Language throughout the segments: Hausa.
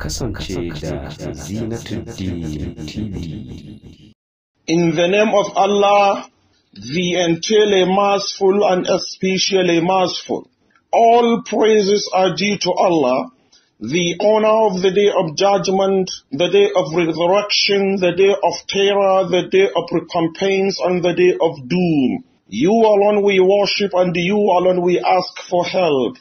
kasance da TV. In the name of Allah, the entirely merciful and especially merciful. All praises are due to Allah, the honor of the day of judgment, the day of resurrection, the day of terror, the day of recompense, and the day of doom. You alone we worship and you alone we ask for help.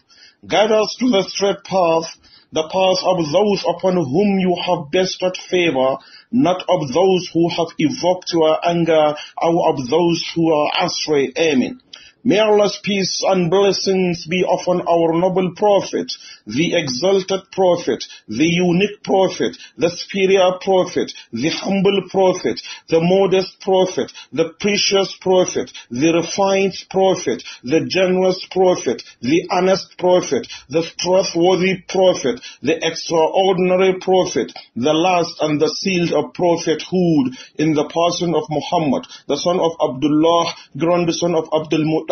Guide us to the straight path the paths of those upon whom you have bestowed favor, not of those who have evoked your anger, or of those who are astray. Amen. May Allah's peace and blessings be upon our noble prophet, the exalted prophet, the unique prophet, the superior prophet, the humble prophet, the modest prophet, the precious prophet, the refined prophet, the generous prophet, the honest prophet, the trustworthy prophet, the extraordinary prophet, the last and the sealed of prophethood in the person of Muhammad, the son of Abdullah, grandson of Abdul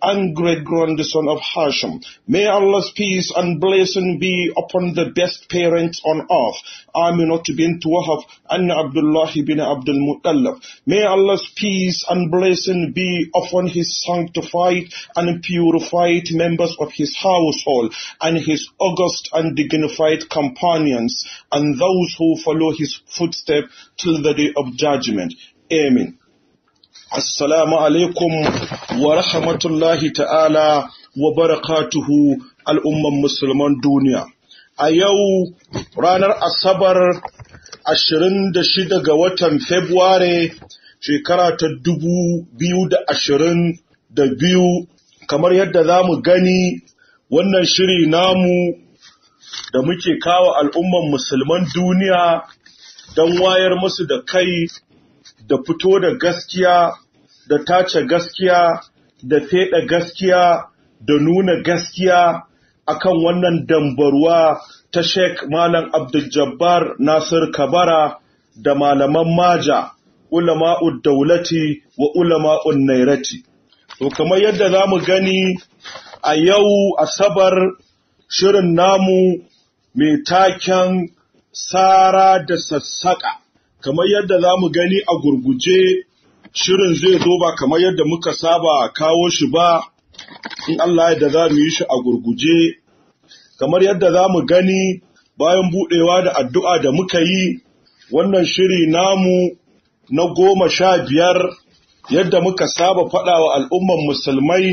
and great grandson of Hashem. May Allah's peace and blessing be upon the best parents on earth. Aminat bin Wahab and Abdullah bin Abdul Mutallab. May Allah's peace and blessing be upon his sanctified and purified members of his household and his august and dignified companions and those who follow his footsteps till the day of judgment. Amen. Assalamu alaikum wa rahmatullahi ta'ala wa barakatuhu al'umman musulman duniya. A yau ranar Asabar 26 ga watan Februare shekara ta 2022 kamar yadda za mu gani wannan shiri namu da muke kawo al'umman musulman duniya don wayar musu da kai da fito da gaskiya da tace gaskiya da feɗa gaskiya da nuna gaskiya akan wannan dambaruwa ta Sheikh Malam Abdul Jabbar Nasir Kabara da malaman Maja ulama'ud daulati wa ulama'un nairati to kamar yadda za mu gani a yau asabar shirin namu mai taken sara da sassaƙa kamar yadda za mu gani a gurguje shirin zai zo ba kamar yadda muka saba kawo shi ba in Allah yadda za mu yi shi a gurguje kamar yadda za mu gani bayan buɗewa da addu'a da muka yi wannan shiri namu na goma sha biyar yadda muka saba faɗawa al'umman musulmai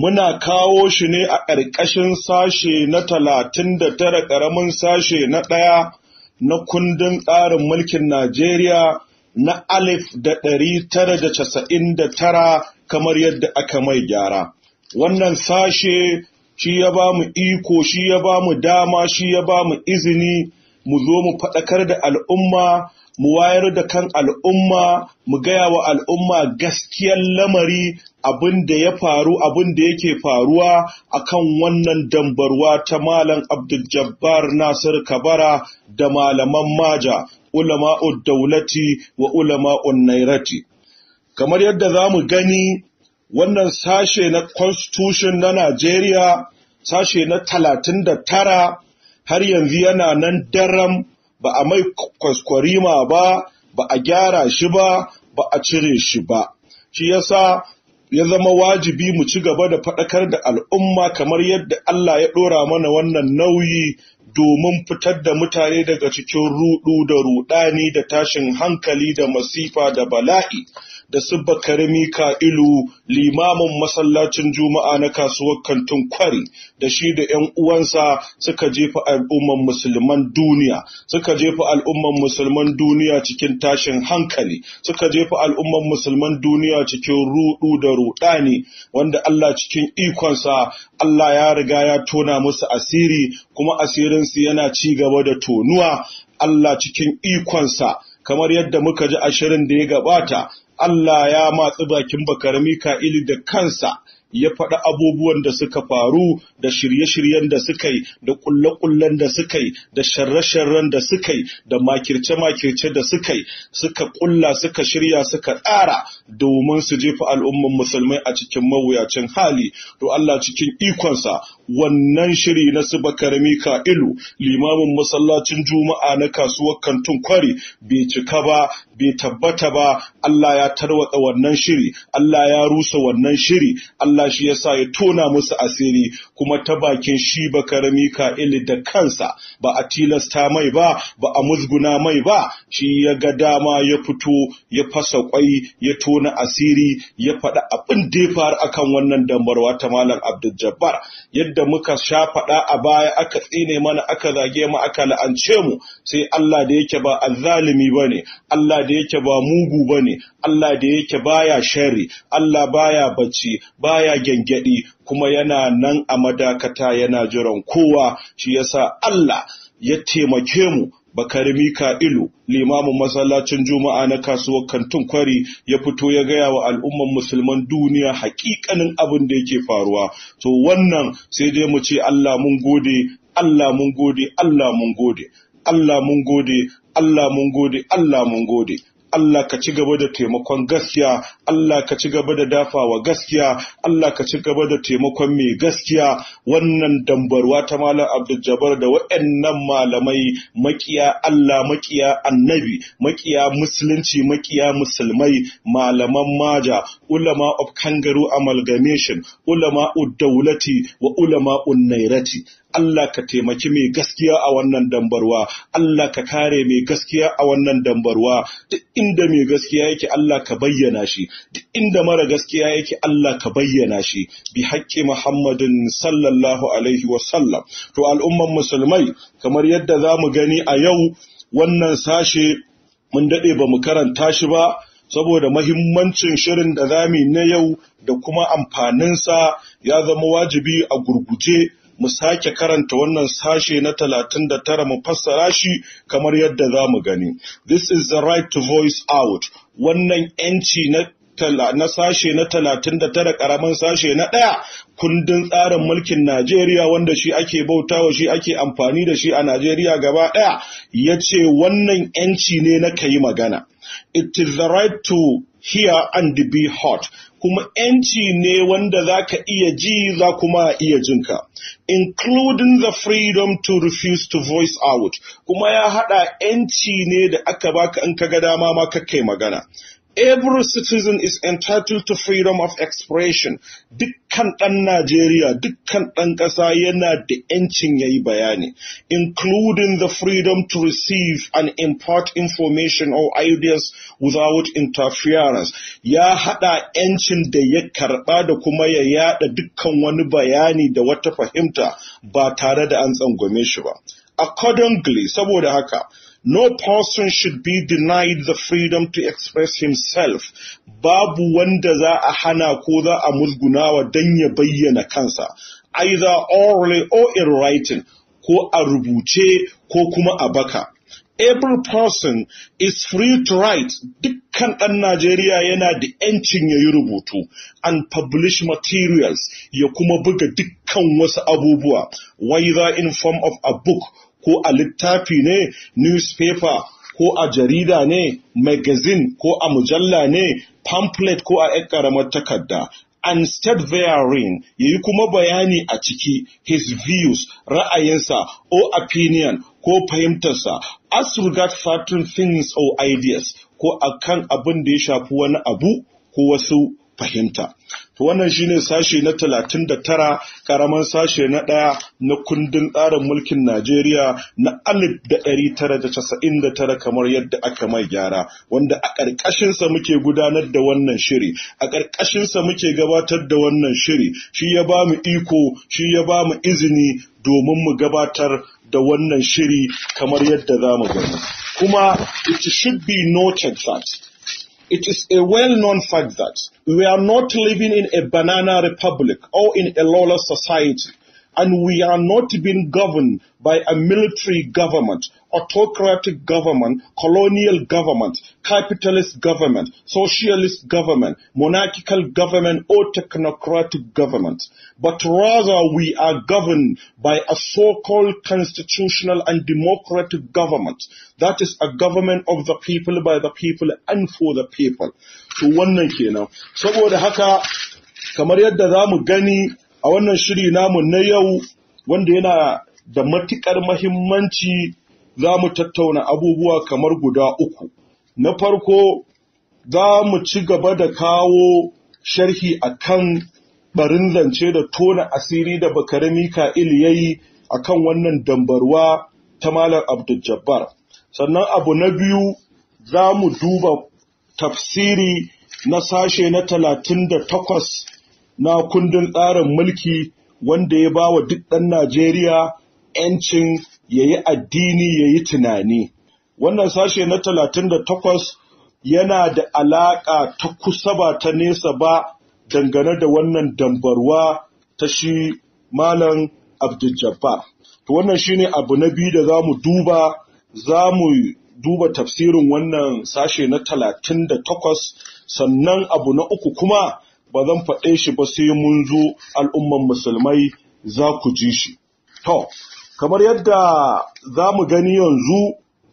muna kawo shi ne a ƙarƙashin sashe na talatin da tara ƙaramin sashe na ɗaya na kundin tsarin mulkin Najeriya na alif da ɗari tara da casa'in da tara kamar yadda aka mai gyara. Wannan sashe shi ya ba mu iko, shi ya ba mu dama, shi ya ba mu izini, mu zo mu faɗakar da al'umma, mu wayar da kan al'umma, mu gaya wa al'umma gaskiyar lamari abin da ya faru abin da yake faruwa akan wannan dambarwa ta malam abdul jabbar nasir kabara da malaman maja ulama'ud daulati wa ulama'un nairati kamar yadda za mu gani wannan sashe na constitution na najeriya sashe na talatin da tara har yanzu yana nan daram ba a mai kwaskwarima ba ba a gyara shi ba ba a cire shi ba shi yasa ya zama wajibi mu ci gaba da faɗakar da al'umma kamar yadda Allah ya ɗora mana wannan nauyi domin fitar da mutane daga cikin ruɗu da ruɗani da tashin hankali da masifa da bala'i. da Sibba Karimi Ka'ilu limamin masallacin Juma'a na kasuwar kantin kwari da shi da ‘yan uwansa suka jefa al'umman musulman duniya, suka jefa al'umman musulman duniya cikin tashin hankali, suka jefa al'umman musulman duniya cikin ruɗu da ruɗani wanda Allah cikin ikonsa Allah ya riga ya tona musu asiri kuma asirinsu yana ci gaba da tonuwa Allah cikin ikonsa. kamar yadda muka ji ashirin da ya gabata Allah ya matsi bakin bakar ili da kansa ya faɗi abubuwan da suka faru da shirye-shiryen da suka yi da ƙulle-ƙullen da suka yi da sharre-sharren da suka yi da makirce-makirce da suka yi suka ƙulla suka shirya suka tsara domin su jefa al'umman musulmai a cikin mawuyacin hali to Allah cikin ikonsa wannan shiri na su ka kailu limamin masallacin juma'a na kasuwar kantun kwari bai cika ba bai tabbata ba Allah ya tarwatsa wannan shiri Allah ya rusa wannan shiri Allah shi yasa ya tona musu asiri kuma ta bakin shi ka kailu da kansa ba a tilasta mai ba ba a musguna mai ba shi ya ga dama ya fito ya fasa kwai ya tona asiri ya faɗa abin da ya faru akan wannan dambarwa ta malam Abdul Jabbar yadda muka sha faɗa a baya aka tsine mana aka zage mu aka la'ance mu sai Allah da yake ba azzalimi bane Allah da yake ba mugu bane Allah da yake baya shari Allah baya bacci baya gengedi kuma yana nan a madakata yana jiran kowa shi yasa Allah ya taimake mu Bakarimi Ka'ilu, limamin masallacin Juma'a na kasuwar Kantun Kwari ya fito ya gaya wa al'umman musulman duniya hakikanin abin da yake faruwa. To wannan sai dai mu ce Allah mun gode, Allah mun gode, Allah mun gode, Allah mun gode, Allah mun gode, Allah mun gode. Allah ka ci gaba da taimakon gaskiya Allah ka ci gaba da dafawa gaskiya Allah ka ci gaba da taimakon mai gaskiya wannan dambarwa ta malam Abdul da waɗannan malamai makiya Allah makiya annabi makiya musulunci makiya musulmai malaman maja ulama of kangaroo amalgamation ulama ud-dawlati wa ulama un-nairati Allah ka taimaki mai gaskiya a wannan dambarwa Allah ka kare mai gaskiya a wannan dambarwa duk inda mai gaskiya yake Allah ka bayyana shi duk inda mara gaskiya yake Allah ka bayyana shi bi haƙƙi Muhammadin sallallahu alaihi wa to al'umman musulmai kamar yadda za mu gani a yau wannan sashe mun daɗe ba mu karanta shi ba saboda mahimmancin shirin da yi na yau da kuma amfaninsa ya zama wajibi a gurguje mu sake karanta wannan sashe na talatin da tara mu fassara shi kamar yadda za mu gani. This is the right to voice out. Wannan ‘yanci na sashe na talatin da tara ƙaramin sashe na ɗaya kundin tsarin mulkin Najeriya wanda shi ake bautawa shi ake amfani da shi a Najeriya gaba ɗaya ya ce wannan ‘yanci ne na ka yi magana. It is the right to here and be hot kuma ‘yanci ne wanda za ka iya ji za kuma iya jinka, including the freedom to refuse to voice out, kuma ya haɗa ‘yanci ne da aka baka in ka ga dama ma kai magana. every citizen is entitled to freedom of expression dukkan ɗan Najeriya dukkan ɗan ƙasa yana da ‘yancin ya yi bayani including the freedom to receive and impart information or ideas without interference ya haɗa ‘yancin da ya karɓa da kuma ya yaɗa dukkan wani bayani da wata fahimta ba tare da an tsangwame shi ba accordingly saboda haka No person should be denied the freedom to express himself, babu wanda za a hana ko za a musgunawa don ya bayyana kansa, either orally or in writing, ko a rubuce ko kuma a baka. Every person is free to write. Dukkan ɗan Najeriya yana da ‘yancin ya yi rubutu and publish materials ya kuma buga dukkan wasu abubuwa, whether in form of a book ko a littafi ne newspaper ko a jarida ne magazine ko a mujalla ne pamphlet ko a ƴan ƙaramar takarda and state varying ya yi kuma bayani a ciki his views ra'ayinsa or opinion ko fahimtarsa as regard certain things or ideas ko akan abin da ya shafi wani abu ko wasu fahimta wannan shine sashe na talatin da tara karaman sashe na ɗaya na kundin tsarin mulkin Najeriya na alif da ɗari tara da casa'in da tara kamar yadda aka mai gyara wanda a ƙarƙashinsa muke gudanar da wannan shiri a ƙarƙashinsa muke gabatar da wannan shiri shi ya ba mu iko shi ya ba mu izini domin mu gabatar da wannan shiri kamar yadda za mu gani kuma it should be noted that It is a well-known fact that we are not living in a banana republic or in a lawless society, and we are not being governed by a military government autocratic government, colonial government, capitalist government, socialist government, monarchical government, or technocratic government. But rather we are governed by a so-called constitutional and democratic government. That is a government of the people, by the people, and for the people. To wannan kenan. Saboda haka, kamar yadda za mu gani a wannan shiri namu na yau, wanda yana da matuƙar mahimmanci za mu tattauna abubuwa kamar guda uku. Na farko za mu ci gaba da kawo sharhi a kan ɓarin zance da tona asiri da bakare Mika'il ya yi a kan wannan dambarwa ta Malam Abdul Sannan abu na biyu za mu duba tafsiri na sashe na talatin da takwas na kundin tsarin mulki wanda ya ba wa duk ɗan Najeriya ‘yancin ya yi addini ya yi tunani wannan sashe na talatin da takwas yana da alaƙa ta kusa ba ta nesa ba dangane da wannan dambarwa ta shi malam abdul to wannan shi ne abu na biyu da za mu duba za mu duba tafsirin wannan sashe na talatin da takwas sannan abu na uku kuma ba zan faɗe shi ba sai mun zo al'umman musulmai za ku ji shi. To, kamar yadda za mu gani yanzu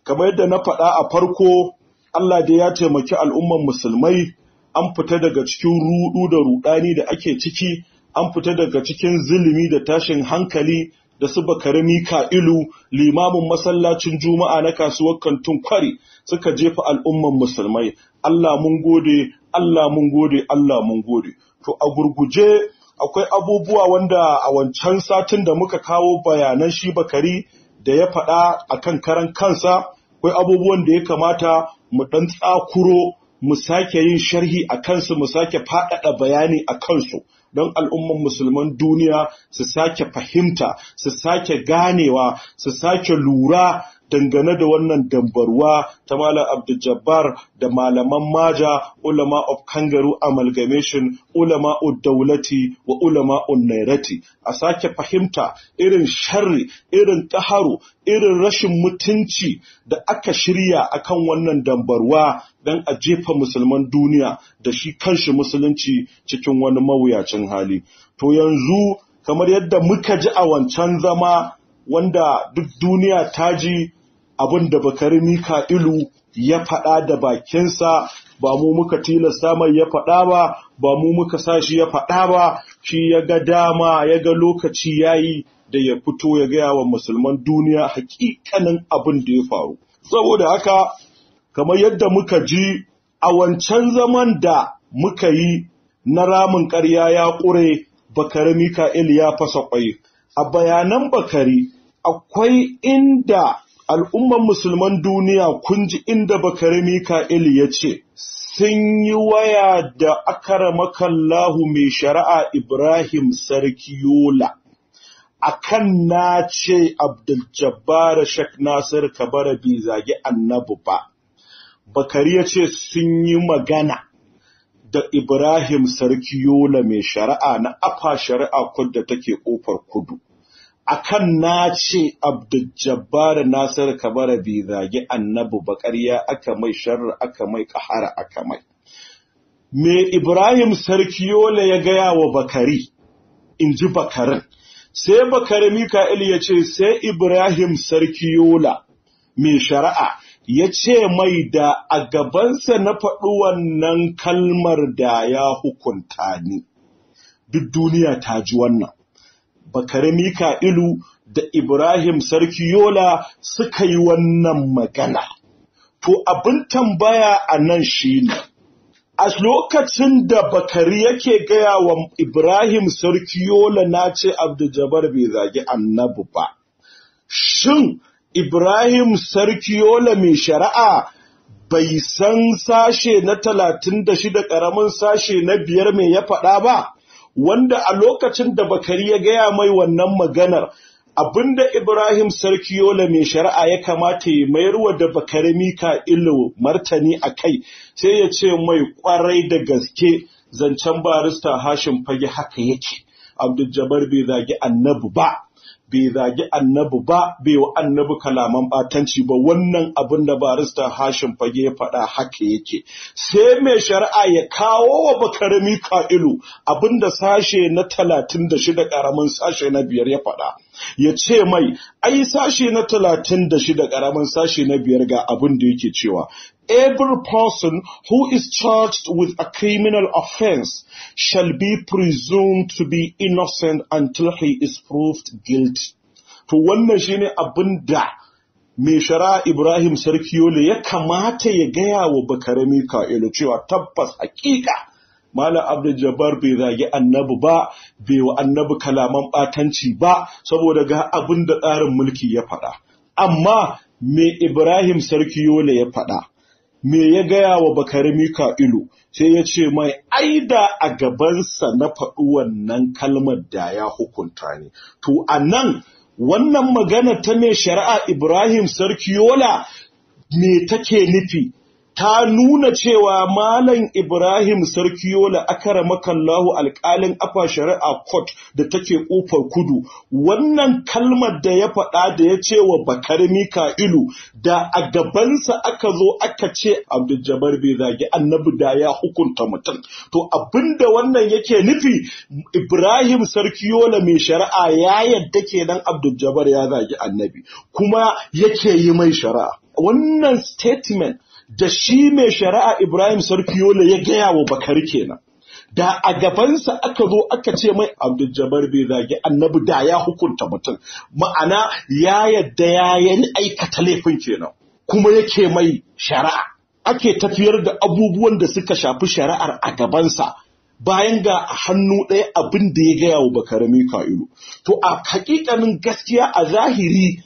kamar yadda na faɗa a farko Allah da ya taimaki al'umman musulmai an fita daga cikin rudu da rudani da ake ciki an fita daga cikin zulumi da tashin hankali da su bakari ilu, limamin masallacin juma'a na kasuwar kantin kwari suka jefa al'umman musulmai Allah mun gode Allah mun gode Allah mun gode to a gurguje akwai abubuwa wanda a wancan satin da muka kawo bayanan shi bakari da ya faɗa a kan karan kansa akwai abubuwan da ya kamata mu ɗan tsakuro mu sake yin sharhi a kansu mu sake faɗaɗa bayani a kansu don al'umman musulman duniya su sake fahimta su sake ganewa su sake lura dangane da wannan dambarwa ta Malam Abdul da malaman Maja, ulama of Kangaru Amalgamation, ulama Daulati wa ulama Nairati. A sake fahimta irin sharri, irin ƙaharu, irin rashin mutunci da aka shirya akan wannan dambarwa don a jefa musulman duniya da shi kanshi musulunci cikin wani mawuyacin hali. To yanzu kamar yadda muka ji a wancan zama wanda duk duniya ta ji abin da bakari mika'ilu ya faɗa da bakinsa ba mu muka tilasta mai ya faɗa ba ba mu muka sa shi ya faɗa ba shi ya ga dama ya ga lokaci ya yi da ya fito ya gaya wa musulman duniya hakikanin abin da ya faru saboda haka kamar yadda muka ji a wancan zaman da muka yi na ramin ƙarya ya ƙure bakari mika'il ya fasa ƙwai a bayanan bakari akwai inda al'umman musulman duniya kun ji inda bakare Mika'il ya ce, Sun yi waya da makallahu mai shari'a Ibrahim Sarki Yola, a kan na ce Abdul-Jabbar Shek Nasir Kabara bai zagi annabu ba, bakari ya ce sun yi magana da Ibrahim Sarki Yola mai shari'a na afa shari'a kudda take ƙofar kudu. akan na ce abdujabbar nasir kabara bi zagi annabi bakarya aka mai sharri aka mai kahara aka mai me ibrahim sarkiyola ya gaya wa bakari in ji bakarin sai bakari mika'il ya ce sai ibrahim sarkiyola mai shari'a ya ce mai da a gabansa na faɗi wannan kalmar da ya hukunta ni duk duniya ta ji wannan bakari mika'ilu da ibrahim sarki yola suka yi wannan magana to abin tambaya a nan shi ne. a lokacin da bakari yake gaya wa ibrahim sarki yola na ce abdujabar bai zagi annabu ba shin ibrahim sarki yola mai shari'a bai san sashe na talatin da shida ƙaramin sashe na biyar mai ya faɗa ba wanda a lokacin da bakari ya gaya mai wannan maganar abinda Ibrahim sarki yola mai shari'a ya kamata ya mayarwa da bakari mika ilo martani a kai sai ya ce mai kwarai da gaske zancen barista hashin fage haka yake abdul bai zagi annabi ba bai zagi annabi ba bai wa annabi kalaman batanci ba wannan abin da barista hashin fage ya faɗa haka yake sai mai shari'a ya kawo wa bakarami ka'ilu abin da sashe na talatin da shida ƙaramin sashe na biyar ya faɗa ya ce mai ai sashe na talatin da shida ƙaramin sashe na biyar ga abin da yake cewa every person who is charged with a criminal offense shall be presumed to be innocent until he is proved guilty. To wannan shine abin da mai shara Ibrahim Sarkiyole ya kamata ya gaya wa bakare Mika'ilu cewa tabbas hakika Malam Abdul Jabbar bai zagi annabi ba, bai wa annabi kalaman ɓatanci ba, saboda ga abin da tsarin mulki ya faɗa. Amma me Ibrahim Sarkiyole ya faɗa, me ya gaya wa bakari mika'ilu sai ya ce mai aida a gabansa na faɗi wannan kalmar da ya hukunta ne to a nan wannan magana ta mai shari'a ibrahim sarki yola me take nufi ta nuna cewa Malam Ibrahim Sarkiyola akara makallahu alƙalin afa shari'a court da take ƙofar kudu wannan kalmar da ya faɗa da ya ce wa Bakar Mika'ilu da a gabansa aka zo aka ce Abdul bai zagi annabi da ya hukunta mutum to abinda wannan yake nufi Ibrahim Sarkiyola mai shari'a ya yadda kenan Abdul ya zagi annabi kuma yake yi mai shari'a wannan statement da shi mai shari'a Ibrahim Sarkiyola ya gaya wa Bakar kenan da a gabansa aka zo aka ce mai Abdul bai zagi annabi da ya hukunta mutum ma'ana ya yadda ya yi aikata laifin kenan kuma yake mai shari'a ake tafiyar da abubuwan da suka shafi shari'ar a gabansa bayan ga hannu ɗaya abin da ya gaya wa bakarami ka'ilu to a hakikanin gaskiya a zahiri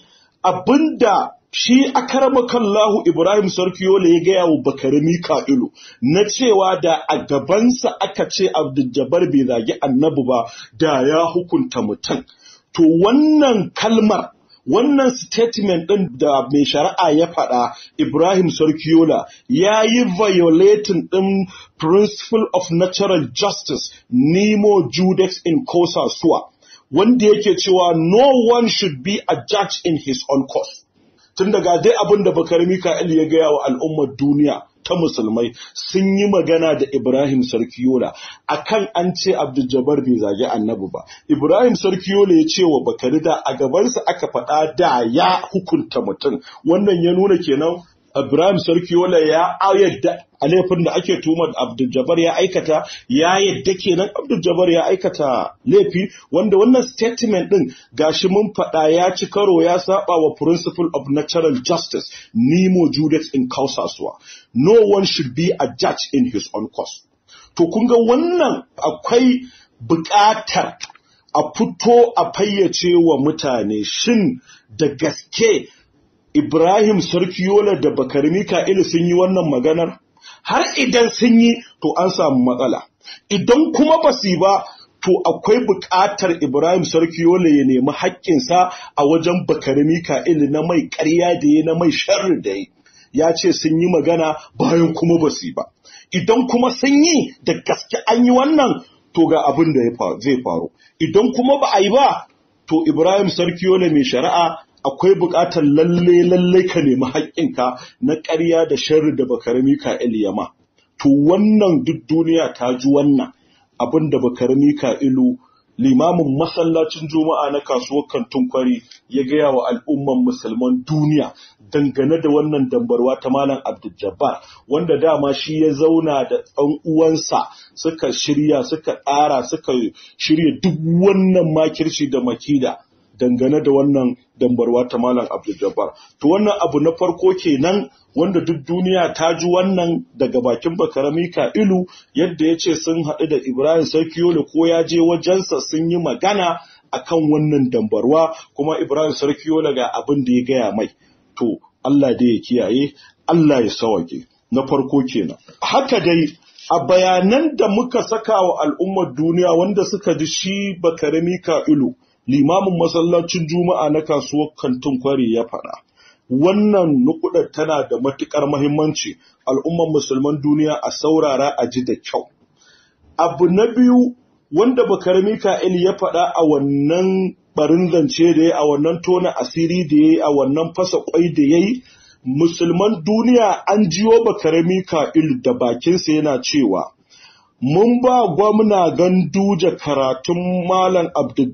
abin da shi Lahu Ibrahim yola ya gaya wa bakarami kailu na cewa da a gabansa aka ce Abdujabar bai zagi annabi ba da ya hukunta mutum. To wannan kalmar wannan statement ɗin da mai shari'a ya faɗa Ibrahim Sarkiola ya yi violating ɗin principle of natural justice Nemo Judex in kosa suwa, wanda yake cewa no one should be a judge in his own cause. tun daga dai abin da bakar mika'il ya gaya wa al'ummar duniya ta musulmai sun yi magana da Ibrahim Sarkiyola a kan an ce abdul bai zagi annabi ba. Ibrahim Sarkiyola ya ce wa Bakari da a gabansa aka faɗa da ya hukunta mutum. Wannan ya nuna kenan Ibrahim Sarki wala ya ayyadda a laifin da ake tuhumar Abdul Jabbar ya aikata ya yadda kenan Abdul Jabbar ya aikata laifi wanda wannan statement din gashi mun faɗa ya ci karo ya saba wa principle of natural justice nemo judex in causa sua no one should be a judge in his own cause to kun ga wannan akwai buƙatar a fito a fayyace wa mutane shin da gaske Ibrahim Sarkiyola da Bakar Mika'ilu sun yi wannan maganar? Har idan sun yi to an samu matsala. Idan kuma ba su ba to akwai bukatar Ibrahim Sarkiyola ya nemi haƙƙinsa a wajen Bakar Mika'ilu na mai ƙarya da ya na mai sharri da ya. Ya ce sun yi magana bayan kuma ba su ba. Idan kuma sun yi da gaske an yi wannan to ga abin da zai faru. Idan kuma ba a yi ba to Ibrahim Sarkiyola mai shari'a akwai buƙatar lalle lalle ka nemi haƙƙinka na ƙarya da sharri da bakarami ka ilyama to wannan duk duniya ta ji wannan abin da bakarami ka ilu limamin masallacin juma'a na kasuwar kantin kwari ya gaya wa al'umman musulman duniya dangane da wannan dambarwa ta malam abdul wanda dama shi ya zauna da ɗan uwansa suka shirya suka ƙara suka shirya duk wannan makirci da makida dangane da wannan dambarwa ta Malam Abdul Jabbar. To wannan abu na farko kenan wanda duk duniya ta ji wannan daga bakin bakarami ka ilu yadda ya ce sun haɗu da Ibrahim Sarki Sarkiyolo ko ya je wajensa sun yi magana a kan wannan dambarwa kuma Ibrahim Sarki Sarkiyolo ga abin da ya gaya mai. To Allah dai ya kiyaye, Allah ya sawake. Na farko kenan. Haka dai a bayanan da muka saka wa al'ummar duniya wanda suka ji shi bakarami ka ilu limamin masallacin juma'a na kasuwar kantin Kwari ya faɗa wannan nukudar tana da matukar mahimmanci al'umman musulman duniya a saurara a ji da kyau abu na biyu wanda bakar ka'il ya faɗa a wannan barin zance da ya a wannan tona asiri da ya a wannan fasa kwai da ya musulman duniya an jiyo bakar ka'il da bakinsa yana cewa Mun ba gwamna Ganduje karatun Malam Abdul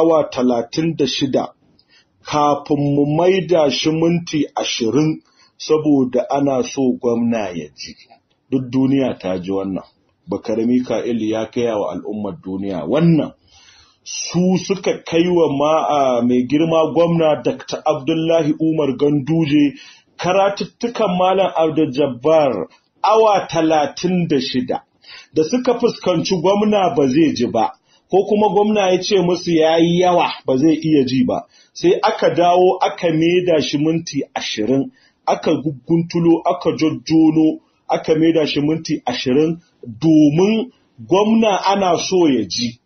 awa talatin da shida kafin mu maida shi minti ashirin saboda ana so gwamna ya ji. Duk duniya ta ji wannan. bakarami ka’il ya kaya wa al'ummar duniya wannan. Su suka kai wa ma'a mai girma gwamna Dr. Abdullahi Umar Ganduje karatuttukan Malam Abdul awa talatin da shida. da suka fuskanci gwamna ba zai ji ba ko kuma gwamna ya ce musu ya yi yawa ba zai iya ji ba sai aka dawo aka maida shi minti ashirin aka guntulo aka jojjono aka maida shi minti ashirin domin gwamna ana so ya ji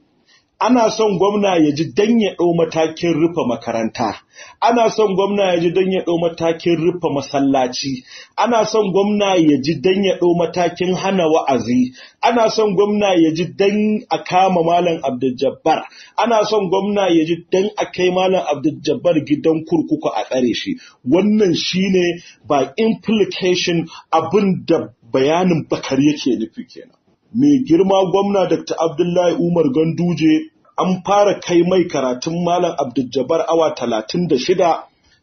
ana son gwamna ya ji don ya ɗau matakin rufe makaranta, ana son gwamna ya ji don ya ɗau matakin rufe masallaci, ana son gwamna ya ji don ya ɗau matakin hana wa'azi, ana son gwamna ya ji dan a kama Malam abdujabbar ana son gwamna ya ji dan a kai Malam abdujabbar gidan kurkuku a tsare shi. Wannan shine by implication abin da bayanin bakar yake nufi kenan. mai girma gwamna Dr. Abdullahi Umar Ganduje an fara kai mai karatun Malam Abdul awa talatin da shida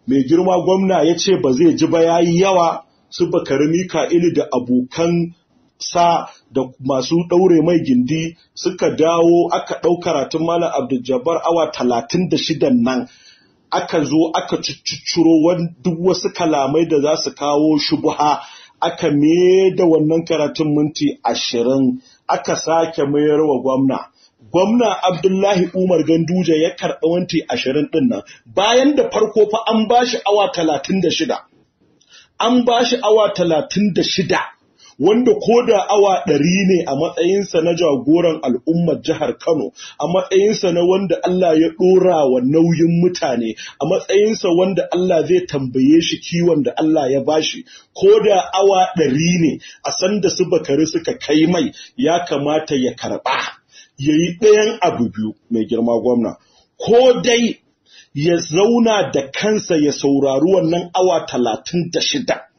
mai girma gwamna ya ce ba zai ji ba yayi yawa su bakari Mika'ili da abokan sa da masu ɗaure mai gindi suka dawo aka ɗau karatun Malam Abdul awa talatin da shida nan aka zo aka cicciro duk wasu kalamai da za su kawo shubuha aka da wannan karatun minti ashirin aka sake mayarwa gwamna. Gwamna Abdullahi Umar Ganduja ya karɓi minti ashirin ɗin nan bayan da farko fa an ba shi awa talatin da shida. An ba shi awa talatin da shida wanda ko da awa ɗari ne a matsayinsa na jagoran al'ummar jihar Kano, a matsayinsa na wanda Allah ya ɗora wa nauyin mutane, a matsayinsa wanda Allah zai tambaye shi kiwon da Allah ya bashi, ko da awa ɗari ne a sanda su bakari suka kai mai ya kamata ya karɓa. Ya yi ɗayan abu biyu mai girma gwamna, ko dai ya zauna da kansa ya saurari wannan awa talatin da shida.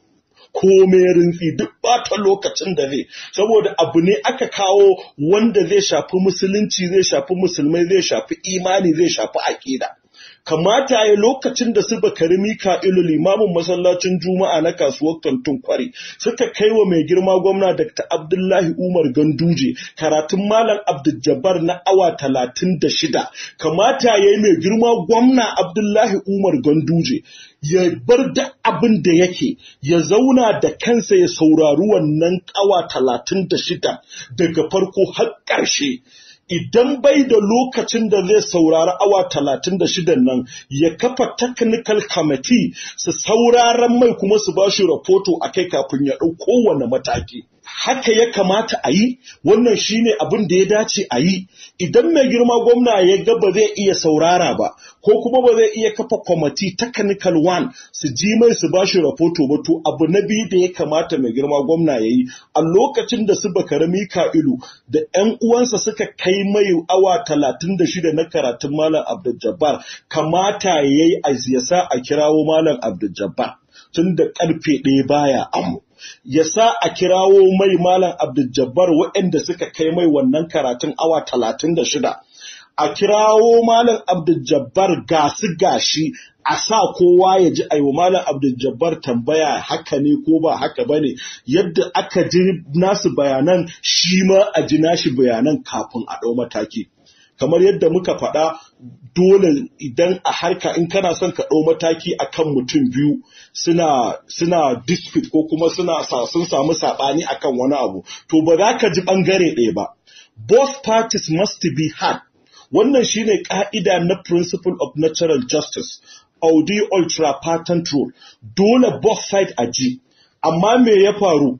komai rintsi duk bata lokacin da zai saboda abu ne aka kawo wanda zai shafi musulunci zai shafi musulmai zai shafi imani zai shafi aƙida kamata ya lokacin da su ka kailu limamin masallacin juma'a na kasuwar kantun kwari suka kai wa mai girma gwamna dr abdullahi umar ganduje karatun malam abdul na awa talatin da shida kamata ya yi mai girma gwamna abdullahi umar ganduje ya bar da abin da yake ya zauna da kansa ya saurari wannan kawa talatin da shida daga farko har ƙarshe idan bai da lokacin da zai saurari awa talatin da shidan nan ya kafa technical committee su sauraron mai kuma su ba shi rahoto a kai kafin ya ɗau kowane mataki haka ya kamata a yi wannan shine abin da ya dace a yi idan mai girma gwamna ya ga ba zai iya saurara ba ko kuma ba zai iya kafa kwamati technical one su ji mai su ba shi rahoto ba to abu na biyu da ya kamata mai girma gwamna ya yi a lokacin da su bakari ilu da 'yan uwansa suka kai mai awa talatin da shida na karatun malam abdul kamata ya yi a kirawo malam abdul tun da karfe ɗaya baya amu ya sa a kirawo mai malam Abdul waɗanda suka kai mai wannan karatun awa talatin da shida. a kirawo Malam Abdul-Jabbar gasu gashi a sa kowa ya ji aiwa Malam abdul tambaya haka ne ko ba haka ba ne yadda aka ji nasu bayanan shi ma a ji nashi bayanan kafin a ɗau mataki. Kamar yadda muka faɗa dole idan a harka in kana son ka ɗau mataki a kan mutum biyu suna suna dispute ko kuma suna sun samu saɓani a kan wani abu to ba za ka ji ɓangare ɗaya ba both parties must be heard wannan shine ƙa'ida na principle of natural justice audi ultra patent rule dole both side a ji amma me ya faru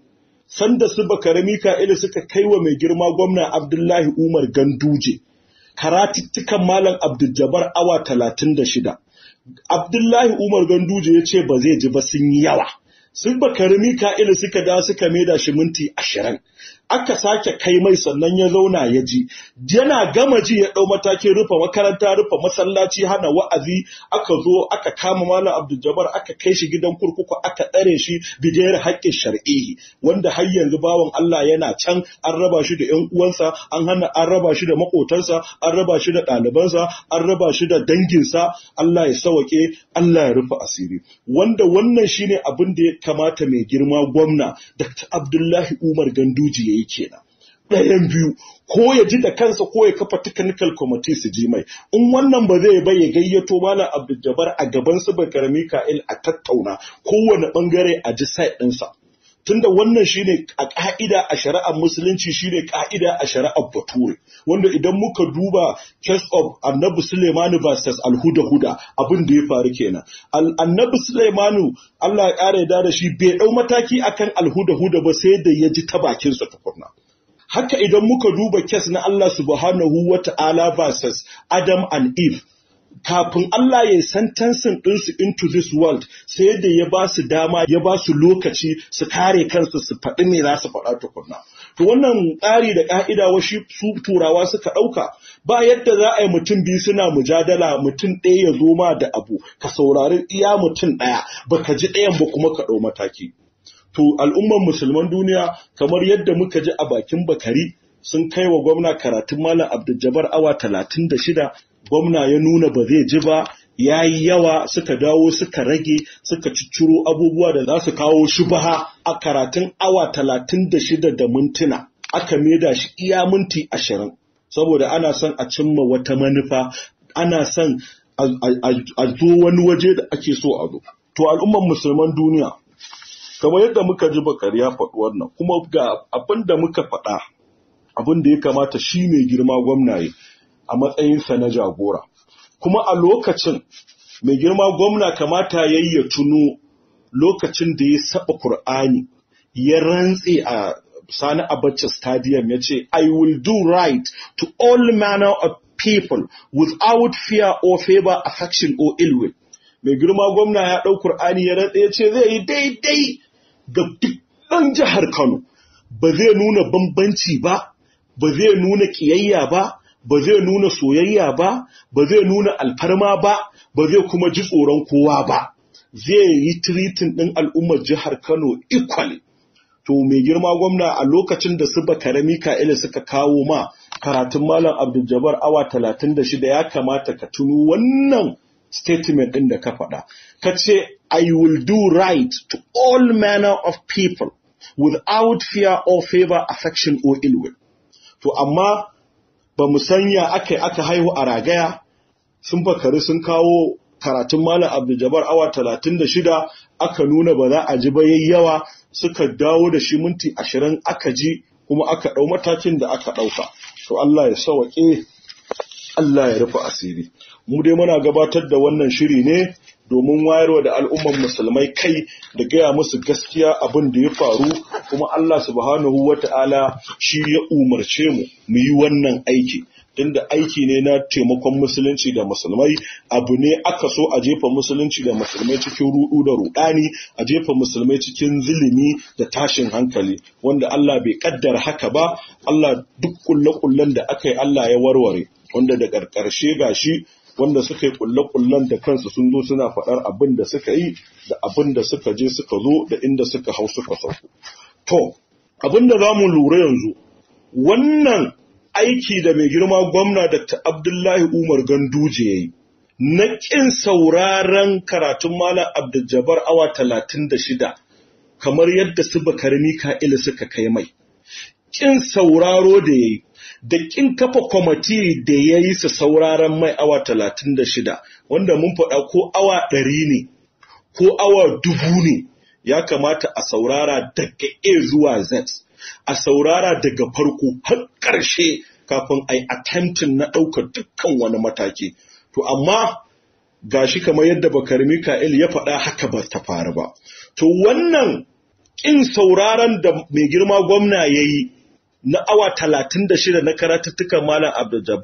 sanda su bakarami ila suka kai wa mai girma gwamna abdullahi umar ganduje karatuttukan Malam abdul jabar awa talatin da shida. Abdullahi Umar Ganduje ya ce ba zai ji ba sun yi yawa. Sun ba karimi suka da suka maida shi minti ashirin. aka sake kai mai sannan ya zauna ya ji yana gama ji ya ɗau matakin rufe makaranta rufe masallaci hana wa'azi aka zo aka kama malam abdul jabbar aka kai shi gidan kurkuku aka tsare shi bigayar haƙƙin shar'i wanda har yanzu bawan Allah yana can an raba shi da ƴan uwansa an hana an raba shi da makotansa an raba shi da ɗalibansa an raba shi da danginsa Allah ya sawake Allah ya rufe asiri wanda wannan shine abin da ya kamata mai girma gwamna Dr. Abdullahi Umar Ganduji yayi yi kenan ɗayan biyu ko ya ji da kansa ko ya kafa technical committee su ji mai in wannan ba zai bai ya gayyato malam abdul a gaban su karami ka'il a tattauna kowane ɓangare a ji side ɗinsa tunda wannan shine a ka'ida a shari'ar musulunci shine ka'ida a shari'ar bature wanda idan muka duba case of annabi Sulaimanu versus alhuda huda abin da ya faru kenan annabi Sulaimanu Allah ya kare da shi bai dau mataki akan alhuda huda ba sai da ya ji ta bakin sa tukunna haka idan muka duba kes na Allah subhanahu wata'ala ta'ala versus Adam and Eve kafin Allah ya sentensin ɗinsu into this world sai da ya ba su dama ya ba su lokaci su kare kansu su faɗi mai za su faɗa tukunna. To wannan tsari da ƙa'ida washi su turawa suka ɗauka ba yadda za a yi mutum biyu suna mujadala mutum ɗaya ya zo ma da abu ka saurari iya mutum ɗaya ba ka ji ɗayan ba kuma ka ɗau mataki. To al'umman musulman duniya kamar yadda muka ji a bakin bakari sun kai wa gwamna karatun Malam Abdul awa talatin da shida gwamna ya nuna ba zai ji ba ya yi yawa suka dawo suka rage suka cicciro abubuwa da za su kawo shubaha a karatun awa talatin da shida da mintuna aka maida shi iya minti ashirin saboda ana son a cimma wata manufa ana son a zo wani waje da ake so a zo to al'ummar musulman duniya kamar yadda muka ji bakar ya faɗi wannan kuma ga abin da muka faɗa abin da ya kamata shi mai girma gwamna a matsayinsa na jagora kuma a lokacin mai girma gwamna kamata ya yi ya tuno lokacin da ya saba Kur'ani ya rantse a Sani Abacha Stadium ya ce, I will do right to all manner of people without fear or favor, affection or ill will. Mai girma gwamna ya ɗau Kur'ani ya rantse ya ce zai yi daidai ga duk ɗan jihar Kano. Ba zai nuna bambanci ba, ba zai nuna ƙiyayya ba, ba zai nuna soyayya ba ba zai nuna alfarma ba ba zai kuma ji tsoron kowa ba zai yi tiritin ɗin al'ummar jihar kano equally to mai girma gwamna a lokacin da su bakare mika'ila suka kawo ma karatun malam abdul awa talatin da shida ya kamata ka tuno wannan statement ɗin da ka faɗa ka ce i will do right to all manner of people without fear or favor affection or ill will to amma ba mu sanya aka aka haihu a ragaya sun fakari sun kawo karatun malam abdul awa talatin da shida aka nuna ba za a ji ba yawa suka dawo da shi minti ashirin aka ji kuma aka ɗau matakin da aka ɗauka to Allah ya sawaƙe Allah ya rufe asiri mu dai muna gabatar da wannan shiri ne domin wayarwa da al'umman musulmai kai da gaya musu gaskiya abin da ya faru kuma Allah subhanahu Ta'ala shi ya umarce mu mu yi wannan aiki tunda aiki ne na taimakon musulunci da musulmai abu ne aka so a jefa musulunci da musulmai cikin rudu da rudani a jefa musulmai cikin zulumi da tashin hankali wanda Allah bai kaddara haka ba Allah duk kulle-kullen da aka yi Allah ya warware wanda da ƙarshe gashi wanda suka yi kulle-kullen da kansu sun zo suna faɗar abin da suka yi da abin da suka je suka zo da inda suka hau suka sauko to abin da za mu lura yanzu wannan aiki da mai girma gwamna dr abdullahi umar ganduje ya yi na ƙin sauraron karatun malam abdul awa talatin da shida kamar yadda su bakar mika'ila suka kai mai ƙin sauraro da ya da kin kafa kwamiti da ya yi su sauraron mai awa talatin da shida wanda mun faɗa ko awa ɗari ne ko awa dubu ne ya kamata a saurara daga A zuwa Z a saurara daga farko har ƙarshe kafin a yi attempting na ɗaukar dukkan wani mataki to amma ga gashi kamar yadda bakar Mika'il ya faɗa haka ba ta faru ba to wannan ƙin sauraron da mai girma gwamna ya yi na awa talatin da shida na karatattuka Malam Abdul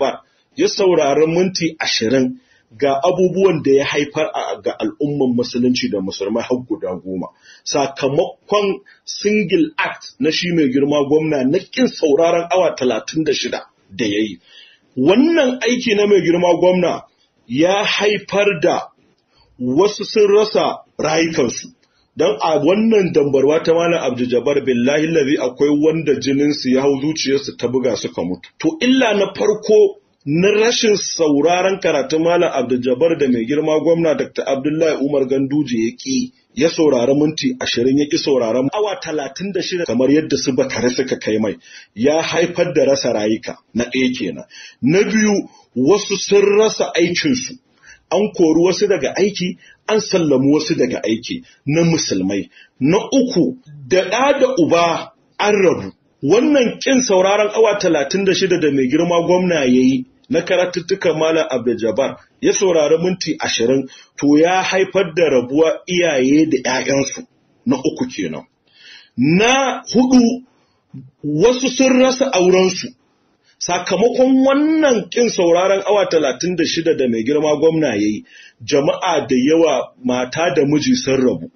ya saurari minti ashirin ga abubuwan da ya haifar a ga al'ummar musulunci da musulmai har guda goma sakamakon single act na shi mai girma gwamna na ƙin sauraron awa talatin da shida da ya yi wannan aiki na mai girma gwamna ya haifar da wasu sun rasa rayukansu dan a wannan dambarwa ta malam abdu jabar billahi lazi akwai wanda jinin su ya hau zuciyarsu ta buga suka mutu to illa na farko na rashin sauraron karatu malam abdu jabar da mai girma gwamna dr abdullahi umar ganduje ya ki ya saurari minti ashirin ya ki sauraron awa talatin da shida kamar yadda su bakare suka kai mai ya haifar da rasa rayuka na ɗaya kenan na biyu wasu sun rasa aikinsu an kori wasu daga aiki an sallamu wasu daga aiki na musulmai na uku da ɗa da uba an rabu wannan ƙin sauraron awa talatin da shida da mai girma gwamna ya yi na karatuttukan Malam Abdul-Jabbar ya saurari minti ashirin to ya haifar da rabuwa iyaye da ‘ya'yansu na uku kenan. Na hudu wasu sun rasa aurensu sakamakon wannan ƙin sauraron awa talatin da shida da mai girma gwamna ya yi jama'a da yawa mata da miji sun rabu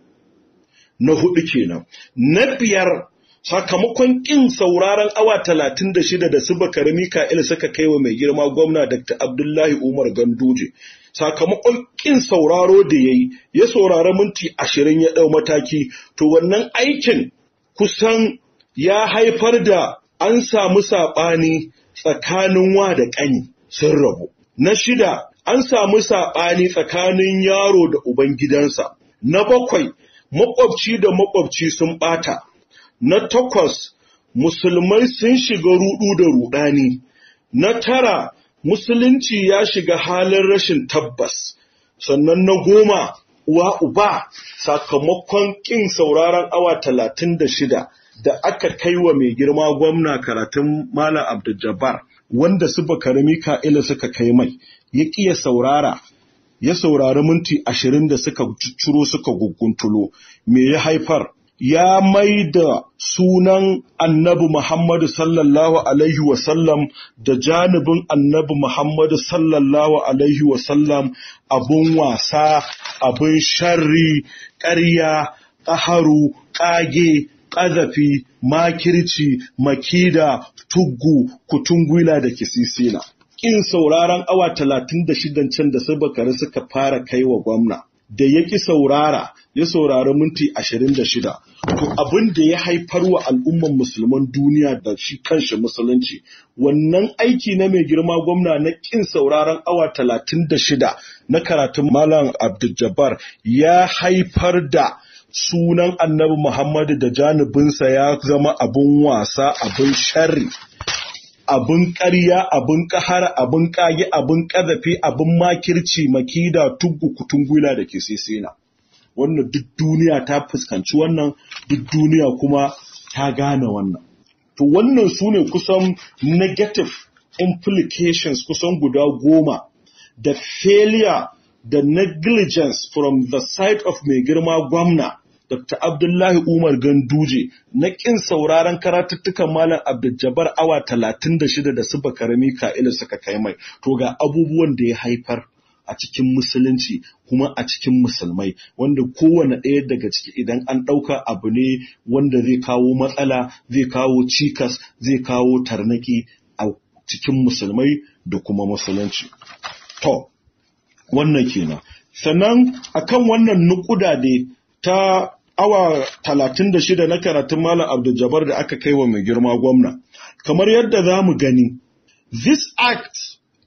na hudu kenan na biyar sakamakon ƙin sauraron awa talatin da shida da su bakar mika'il suka kai wa mai girma gwamna dr abdullahi umar ganduje sakamakon ƙin sauraro da ya yi ya saurara minti ashirin ya ɗau mataki to wannan aikin kusan ya haifar da an samu saɓani tsakanin wa da ƙani sun rabu. Na shida an samu saɓani tsakanin yaro da ubangidansa. Na bakwai maƙwabci da maƙwabci sun ɓata. Na takwas musulmai sun shiga ruɗu da ruɗani. Na tara musulunci ya shiga halin rashin tabbas. Sannan na goma uwa uba sakamakon ƙin sauraron awa talatin da shida da aka kai wa mai girma gwamna karatun Malam Abdul wanda su ka ila suka kai mai ya ƙiya saurara ya saurari minti ashirin da suka ciro suka gugguntulo me ya haifar ya mai da sunan annabi Muhammadu sallallahu Alaihi wasallam da janibin annabi Muhammadu sallallahu Alaihi wasallam abun wasa, abin sharri, ƙarya, ƙaharu, ƙage, ƙazafi makirci makida tuggu kutungwila da Kisisina. ƙin sauraron awa talatin da shidan can da sabakari suka fara kai wa gwamna da ya ƙi saurara ya saurari minti ashirin da shida to abin da ya haifar wa al'umman musulman duniya da shi kanshi musulunci wannan aiki na mai girma gwamna na ƙin sauraron awa talatin da shida na karatun malam abdul ya haifar da sunan annabi Muhammadu da janibinsa ya zama abin wasa abin sharri abin ƙarya abin ƙahara abin ƙage abin ƙazafi abin makirci makida tuggu kutungula da ke sesena wannan duk duniya ta fuskanci wannan duk duniya kuma ta gane wannan to wannan su ne kusan negative implications kusan guda goma da failure da negligence from the side of mai girma gwamna Dr. Abdullahi Umar Ganduje na ƙin sauraron karatuttukan Malam Abdul awa talatin da shida da suba karami ila suka kai mai. To ga abubuwan da ya haifar a cikin musulunci kuma a cikin musulmai wanda kowane ɗaya daga ciki idan an ɗauka abu ne wanda zai kawo matsala zai kawo cikas zai kawo tarnaki a cikin musulmai da kuma musulunci. To, wannan kenan. Sannan akan wannan nukuda ne ta awa talatin da shida na karatun Malam Abdul Jabbar da aka kai mai girma gwamna. Kamar yadda gani, this act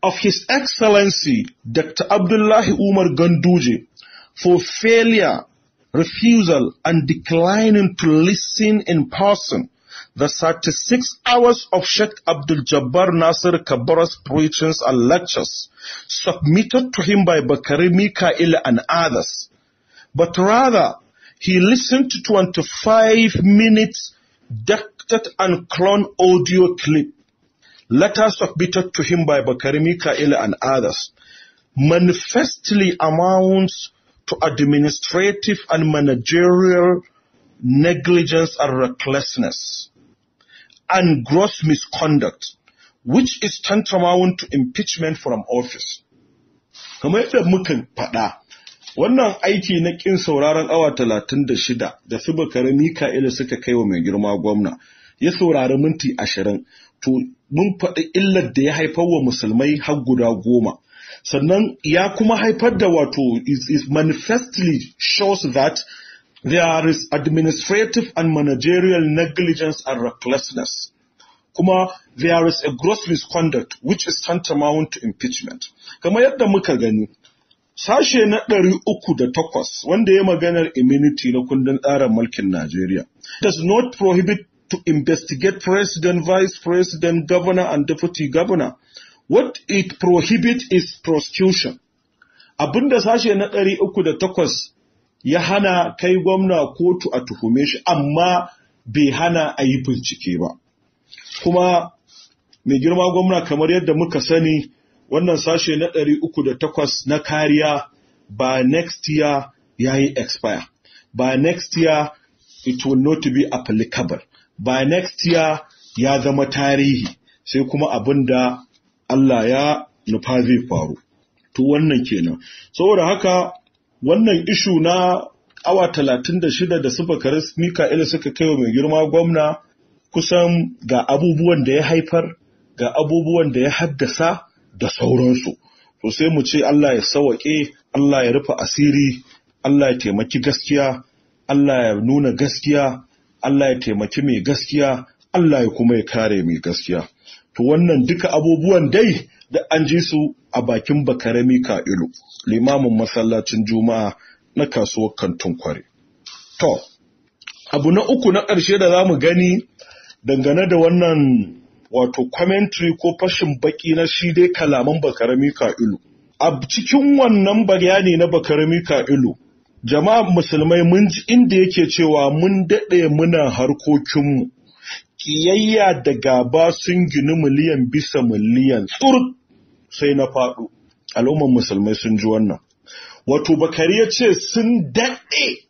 of His Excellency Dr. Abdullahi Umar Ganduje for failure, refusal, and declining to listen in person the 36 hours of Sheikh Abdul Jabbar Nasir Kabara's preachings and lectures submitted to him by Bakari Mikail and others, but rather he listened to 25 minutes ducted and cloned audio clip, letters submitted to him by Bakari Mikael and others, manifestly amounts to administrative and managerial negligence and recklessness and gross misconduct, which is tantamount to impeachment from office. Wannan aiki na ƙin sauraron awa talatin da shida da su bakare Mika'ilu suka kai wa mai girma gwamna ya saurari minti ashirin to mun faɗi illar da ya haifar wa musulmai har guda goma. Sannan ya kuma haifar da wato is manifestly shows that there is administrative and managerial negligence and recklessness. Kuma there is a gross misconduct which is tantamount to impeachment. Kamar yadda muka gani, Sashe na ɗari uku da takwas wanda ya maganar immunity na kundin tsarin mulkin Najeriya. Does not prohibit to investigate president, vice president, governor and deputy governor. What it prohibit is prosecution. Abinda sashe na ɗari uku da takwas ya hana kai gwamna kotu a tuhume shi amma bai hana a yi bincike ba. Kuma mai girma gwamna kamar yadda muka sani wannan sashe na ɗari uku da takwas na kariya ba next year ya yi expire ba next year it will not be applicable ba next year ya zama tarihi sai kuma abin da Allah ya nufa zai faru to wannan kenan saboda haka wannan ishu na awa talatin da shida da suka kare Mika'ila suka kai wa mai girma gwamna kusan ga abubuwan da ya haifar ga abubuwan da ya haddasa da sauransu to sai mu ce Allah ya sawaƙe Allah ya rufe asiri Allah ya taimaki gaskiya Allah ya nuna gaskiya Allah ya taimaki mai gaskiya Allah ya kuma ya kare mai gaskiya to wannan duka abubuwan dai da an ji su a bakin bakarami ka'ilu limamin masallacin juma'a na kasuwar kantin kware to abu na uku na ƙarshe da za mu gani dangane da wannan wato commentary ko fashin baki na shi dai kalaman bakarami ka'ilu a cikin wannan bayani na bakarami ka'ilu jama'a musulmai mun ji inda yake cewa mun daɗe muna mu. ƙiyayya da gaba sun gini miliyan bisa miliyan tsur sai na faɗo al'umman musulmai sun ji wannan wato bakari ya ce sun daɗe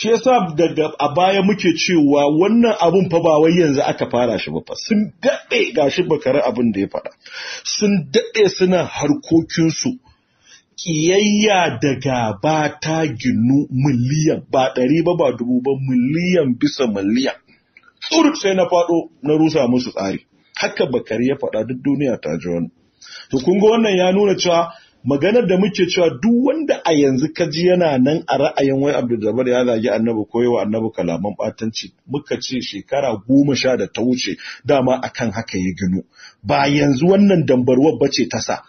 shi yasa daga a baya muke cewa wannan abun fa ba wai yanzu aka fara shi ba fa sun daɗe gashi bakarar abin da ya faɗa sun daɗe suna harkokinsu Kiyayya da gaba ta ginu miliyan ba ɗari ba ba dubu ba miliyan bisa miliyan tsuruk sai na faɗo na rusa musu tsari haka bakari ya faɗa duk duniya ta ji wani to kun ga wannan ya nuna cewa maganar da muke cewa duk wanda a yanzu ka ji yana nan a ra'ayin wai Abdul ya zagi Annabi ko yawa Annabi kalaman batanci muka ce shekara goma sha da ta wuce dama akan haka ya gino ba yanzu wannan dambarwar bace ta sa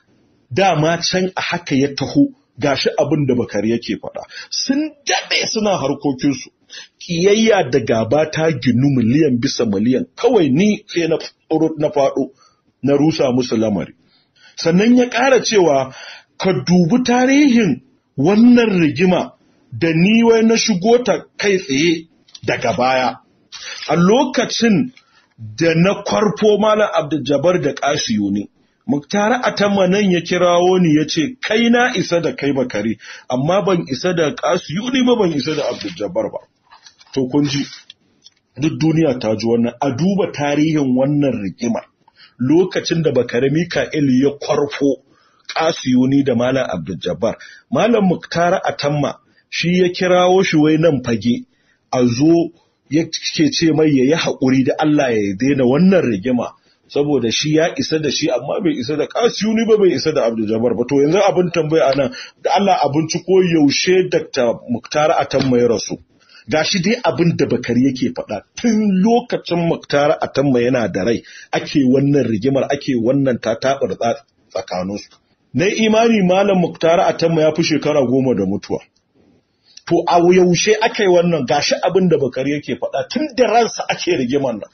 dama can a haka ya taho gashi abin da bakar yake faɗa sun daɗe suna harkokinsu kiyayya da gaba ta ginu miliyan bisa miliyan kawai ni sai na faɗo na rusa musu lamari sannan ya ƙara cewa ka dubi tarihin wannan rigima da ni wai na shigo ta kai tsaye daga baya a lokacin da na kwarfo malam abdul da kasiyu ne muktara a ya kirawo ni ya ce kai na isa da kai bakari amma ban isa da kasiyu ne ba ban isa da abdul ba to kun ji duk duniya ta ji wannan a duba tarihin wannan rigima lokacin da bakare mika'il ya kwarfo kasiyuni da malam abdul malam muktara atamma shi ya kirawo shi wai nan fage a zo ya ke ce mai ya yi haƙuri da Allah ya daina wannan rigima saboda shi ya isa da shi amma bai isa da kasiyuni ba bai isa da abdul ba to yanzu abin tambaya nan da Allah abinci ko yaushe dr muktara atamma ya rasu gashi dai abin da bakari yake faɗa tun lokacin muktara atamma yana da rai ake wannan rigimar ake wannan ta tatabar tsakaninsu na imani malam muktara a tamma ya fi shekara goma da mutuwa to a yaushe aka yi wannan gashi abin da bakari yake faɗa tun da ransa ake rigiman nan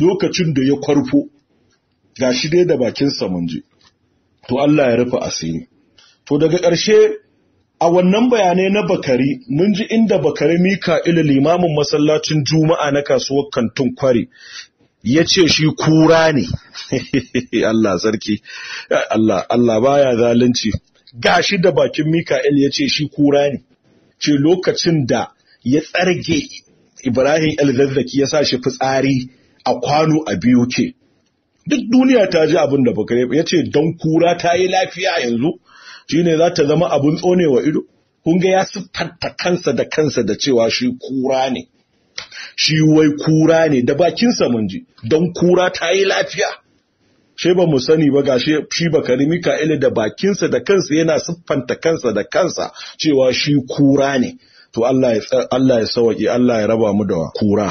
lokacin da ya kwarfo gashi dai da bakinsa mun ji to Allah ya rufe asiri to daga ƙarshe a wannan bayanai na bakari mun ji inda bakari mika'ila limamin masallacin juma'a na kasuwar kantun kwari ya ce shi kura ne Allah sarki Allah Allah baya zalunci gashi da bakin Mika'il ya ce shi kura ne ce lokacin da ya tsarge Ibrahim al-Zazzaki ya sa shi fitsari a kwano a biyu ke duk duniya ta ji abin da bakare ya ce don kura ta yi lafiya yanzu Shi ne za ta zama abin tsonewa ido kun ga ya siffanta kansa da kansa da cewa shi kura ne shi wai kura ne da bakinsa mun ji don kura ta yi lafiya she ba mu sani ba ga shi ba bakari mika'ila da bakinsa da kansa yana siffanta kansa da kansa cewa shi kura ne to Allah ya sawaƙi Allah ya raba mu da kura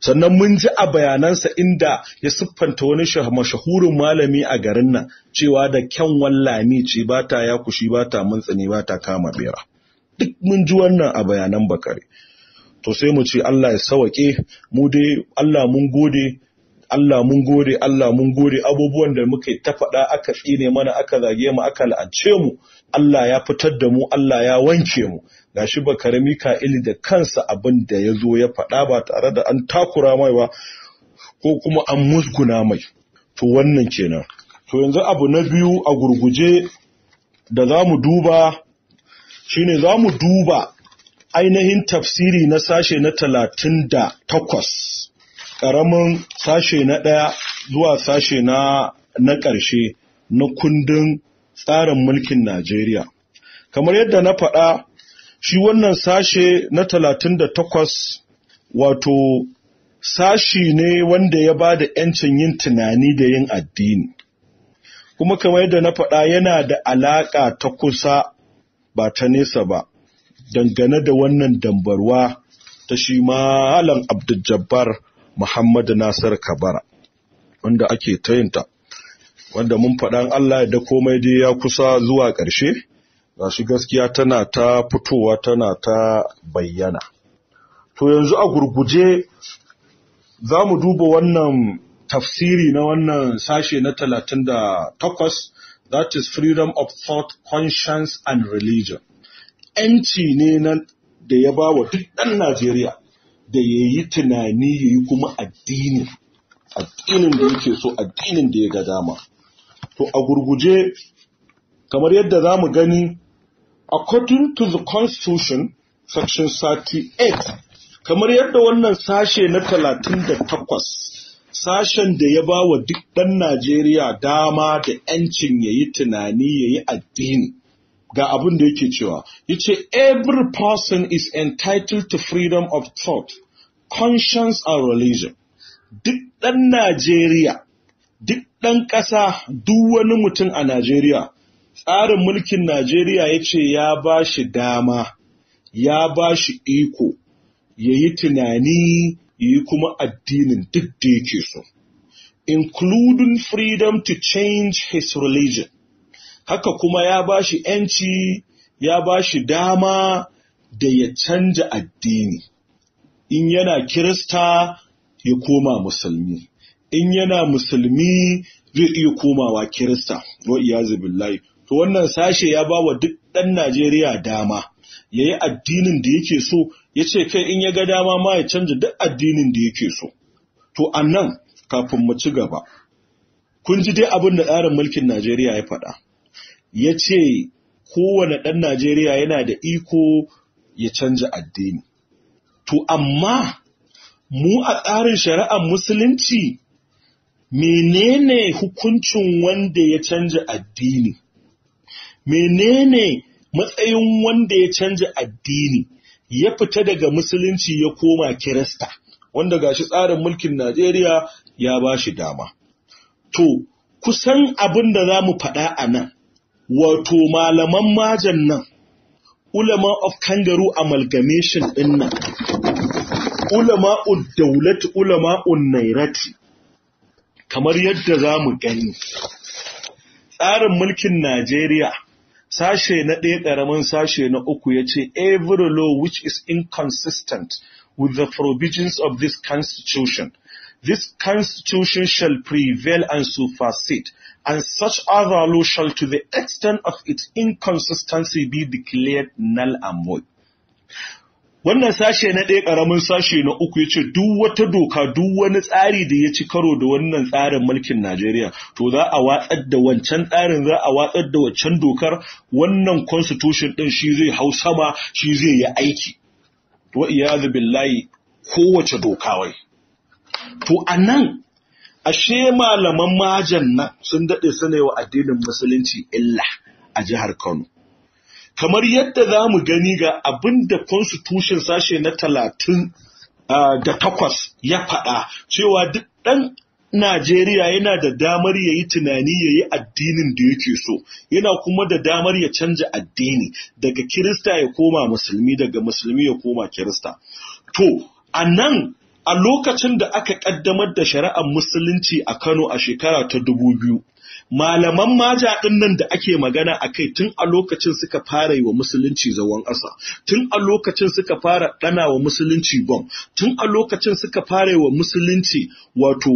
sannan mun ji a bayanansa inda ya siffanta wani mashahurin malami a garin nan cewa da kyan wallami ce ba ta yakushi ba ta muntsini ba ta kama bera duk mun ji wannan a bayanan bakare to sai mu ce Allah ya sawake mu dai Allah mun gode Allah mun gode Allah mun gode abubuwan da muka ta faɗa aka tsine mana aka zage mu aka la'ance mu Allah ya fitar da mu Allah ya wanke mu gashi ba karami ka'ili da kansa abin da ya zo ya faɗa ba tare da an takura mai ba ko kuma an musguna mai to wannan kenan to yanzu abu na biyu a gurguje da za mu duba shine za mu duba ainihin tafsiri na sashe na talatin da takwas ƙaramin sashe na ɗaya zuwa sashe na na ƙarshe na kundin tsarin mulkin Najeriya. Kamar yadda na faɗa shi wannan sashe na talatin da takwas wato sashi ne wanda ya ba da ‘yancin yin tunani da yin addini. Kuma kamar yadda na faɗa yana da alaƙa ta kusa ba ta nesa ba. dangane da wannan dambarwa ta shi malam Abdul Muhammad Nasir Kabara wanda ake tayinta wanda mun faɗan Allah da komai dai ya kusa zuwa ƙarshe shi gaskiya tana ta fitowa tana ta bayyana to yanzu a gurguje za mu duba wannan tafsiri na wannan sashe na 38 that is freedom of thought conscience and religion 'yanci ne nan da ya ba wa duk ɗan Najeriya da ya yi tunani ya yi kuma addini, addinin da yake so, addinin da ya ga dama. To, a gurguje, kamar yadda za mu gani, according to the Constitution, section 38, kamar yadda wannan sashe na 38, sashen da ya ba wa duk ɗan Najeriya dama da ‘yancin ya yi tunani ya yi addini. ga abin da yake cewa yace every person is entitled to freedom of thought conscience and religion duk ɗan Najeriya duk ɗan ƙasa duk wani mutum a Najeriya tsarin mulkin Najeriya yace ya ba shi dama ya ba shi iko ya yi tunani ya yi kuma addinin duk da yake so including freedom to change his religion haka kuma ya ba shi ‘yanci, ya ba shi dama da ya canja addini, in yana Kirista ya koma musulmi, in yana musulmi zai iya komawa Kirista, wa billahi. To wannan sashe ya ba wa duk ɗan Najeriya dama, ya yi addinin da yake so, ya ce kai in ya ga dama ma ya canja duk addinin da yake so. To a nan, kafin mu ci gaba, kun ji dai abin da tsarin mulkin Najeriya ya faɗa. ya ce kowane ɗan Najeriya yana da iko ya canja addini. To, amma mu a tsarin shari'ar Musulunci, menene hukuncin wanda ya canja addini? Menene matsayin wanda ya canja addini ya fita daga Musulunci ya koma Kirista, wanda gashi tsarin mulkin Najeriya ya ba shi dama. To, kusan abin da za mu faɗa a nan. wato malaman majan nan ulama of kangaroo amalgamation din nan ulama uddaulat ulama unnairati kamar yadda za mu gani tsarin mulkin Najeriya sashe na ɗaya ƙaramin sashe na uku ya ce every law which is inconsistent with the provisions of this constitution this constitution shall prevail and supersede and such other law shall to the extent of its inconsistency be declared null and void. Wannan sashe na ɗaya ƙaramin sashe na uku ya ce duk wata doka duk wani tsari da ya ci karo da wannan tsarin mulkin Najeriya to za a watsar da wancan tsarin za a watsar da wancan dokar wannan constitution ɗin shi zai hau sama shi zai yi aiki. Wa billahi kowace doka wai. To a nan ashe malaman majan na sun daɗe sanewa addinin musulunci illa a jihar Kano. Kamar yadda za mu gani ga abin da constitution sashe na talatin da takwas ya faɗa cewa duk ɗan Najeriya yana da damar ya yi tunani ya yi addinin da yake so, yana kuma da damar ya canja addini daga Kirista ya koma Musulmi daga Musulmi ya koma Kirista. To, a nan a lokacin da aka ƙaddamar da shari'ar musulunci a Kano a shekara ta dubu biyu, malaman maja ɗin nan da ake magana a kai tun a lokacin suka fara yi wa musulunci zawon ƙasa, tun a lokacin suka fara ɗana wa musulunci bom, tun a lokacin suka fara yi wa musulunci wato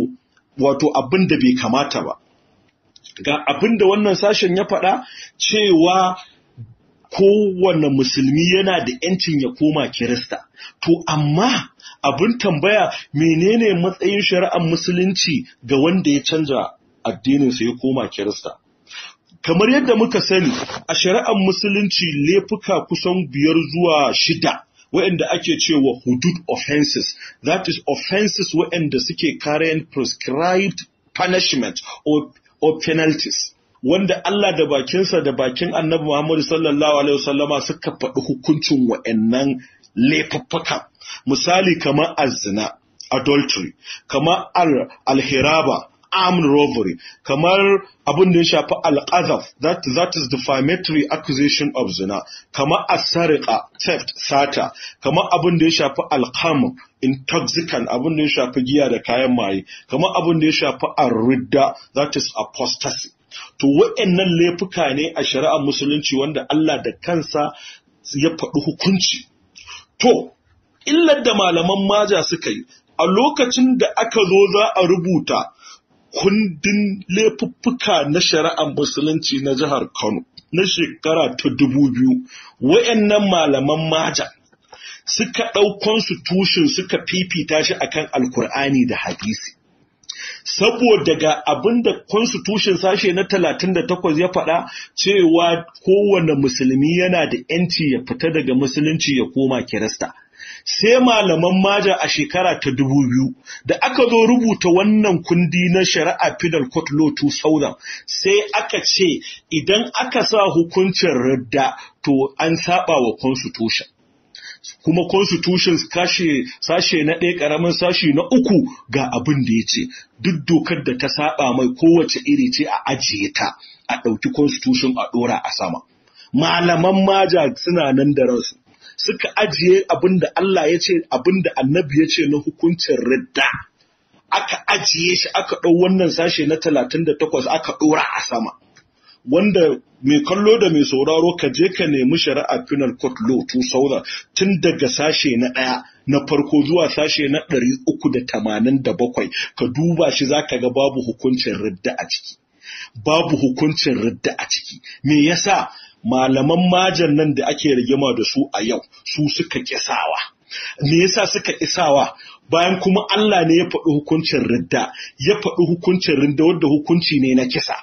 wato abin da bai kamata ba. Ga abin da wannan sashen ya faɗa cewa kowane musulmi yana da ‘yancin ya koma Kirista. To, amma abin tambaya menene matsayin shari'ar musulunci ga wanda ya canza addininsa ya koma Kirista. Kamar yadda muka sani, a shari'ar musulunci laifuka kusan biyar zuwa shida. waɗanda ake cewa hudud offenses, that is offenses waɗanda suke carrying prescribed punishment or, or penalties. wanda Allah da bakinsa da bakin annabi Muhammadu sallallahu Alaihi wasallama suka faɗi hukuncin wa'annan laifuffuka, misali kamar azina, adultery, kamar alhiraba, armed robbery, kamar abin da ya shafi al'azaf, that, that is defamatory accusation of zina, kamar asariƙa, theft, sata, kamar abin da ya shafi alkam intoxicant, abin da ya shafi giya da kayan maye, kamar abin da ya shafi arridda, that is apostasy. To wa'annan laifuka ne a shari'ar musulunci wanda Allah da kansa ya faɗi hukunci. To, illar da malaman maja suka yi, a lokacin da aka zo za a rubuta kundin laifuka na shari'ar musulunci na jihar Kano na shekara ta dubu biyu, wa'annan malaman maja suka ɗaukonsu tushen suka fifita shi akan alkur'ani da hadisi. saboda ga abin da constitution sashe na 38 ya faɗa cewa kowane musulmi yana da ‘yanci ya fita daga musulunci ya koma kirista. Sai malaman maja a shekara ta dubu da aka zo rubuta wannan kundi na shari'a Penal Court Law 2000 sai aka ce idan aka sa hukuncin radda to an saba wa constitution. kuma constitutions kashe sashe na ɗaya ƙaramin sashe na uku ga abin da ya ce duk dokar da ta saba mai kowace iri ce a ajiye ta a ɗauki constitution a ɗora a sama malaman maja suna nan da ransu suka ajiye abin da Allah ya ce abin da annabi ya ce na hukuncin ridda aka ajiye shi aka ɗau wannan sashe na talatin da takwas aka ɗora a sama wanda mai kallo da mai sauraro ka je ka nemi shari'a final court law 2000 tun daga sashe na ɗaya na farko zuwa sashe na da da tamanin bakwai ka duba shi za ka ga babu hukuncin ridda a ciki babu hukuncin ridda a ciki me yasa malaman majan nan da ake rigima da su a yau su suka kisawa me yasa suka isawa bayan kuma Allah ne ya faɗi hukuncin ridda ya faɗi hukuncin ridda wanda hukunci ne na kisa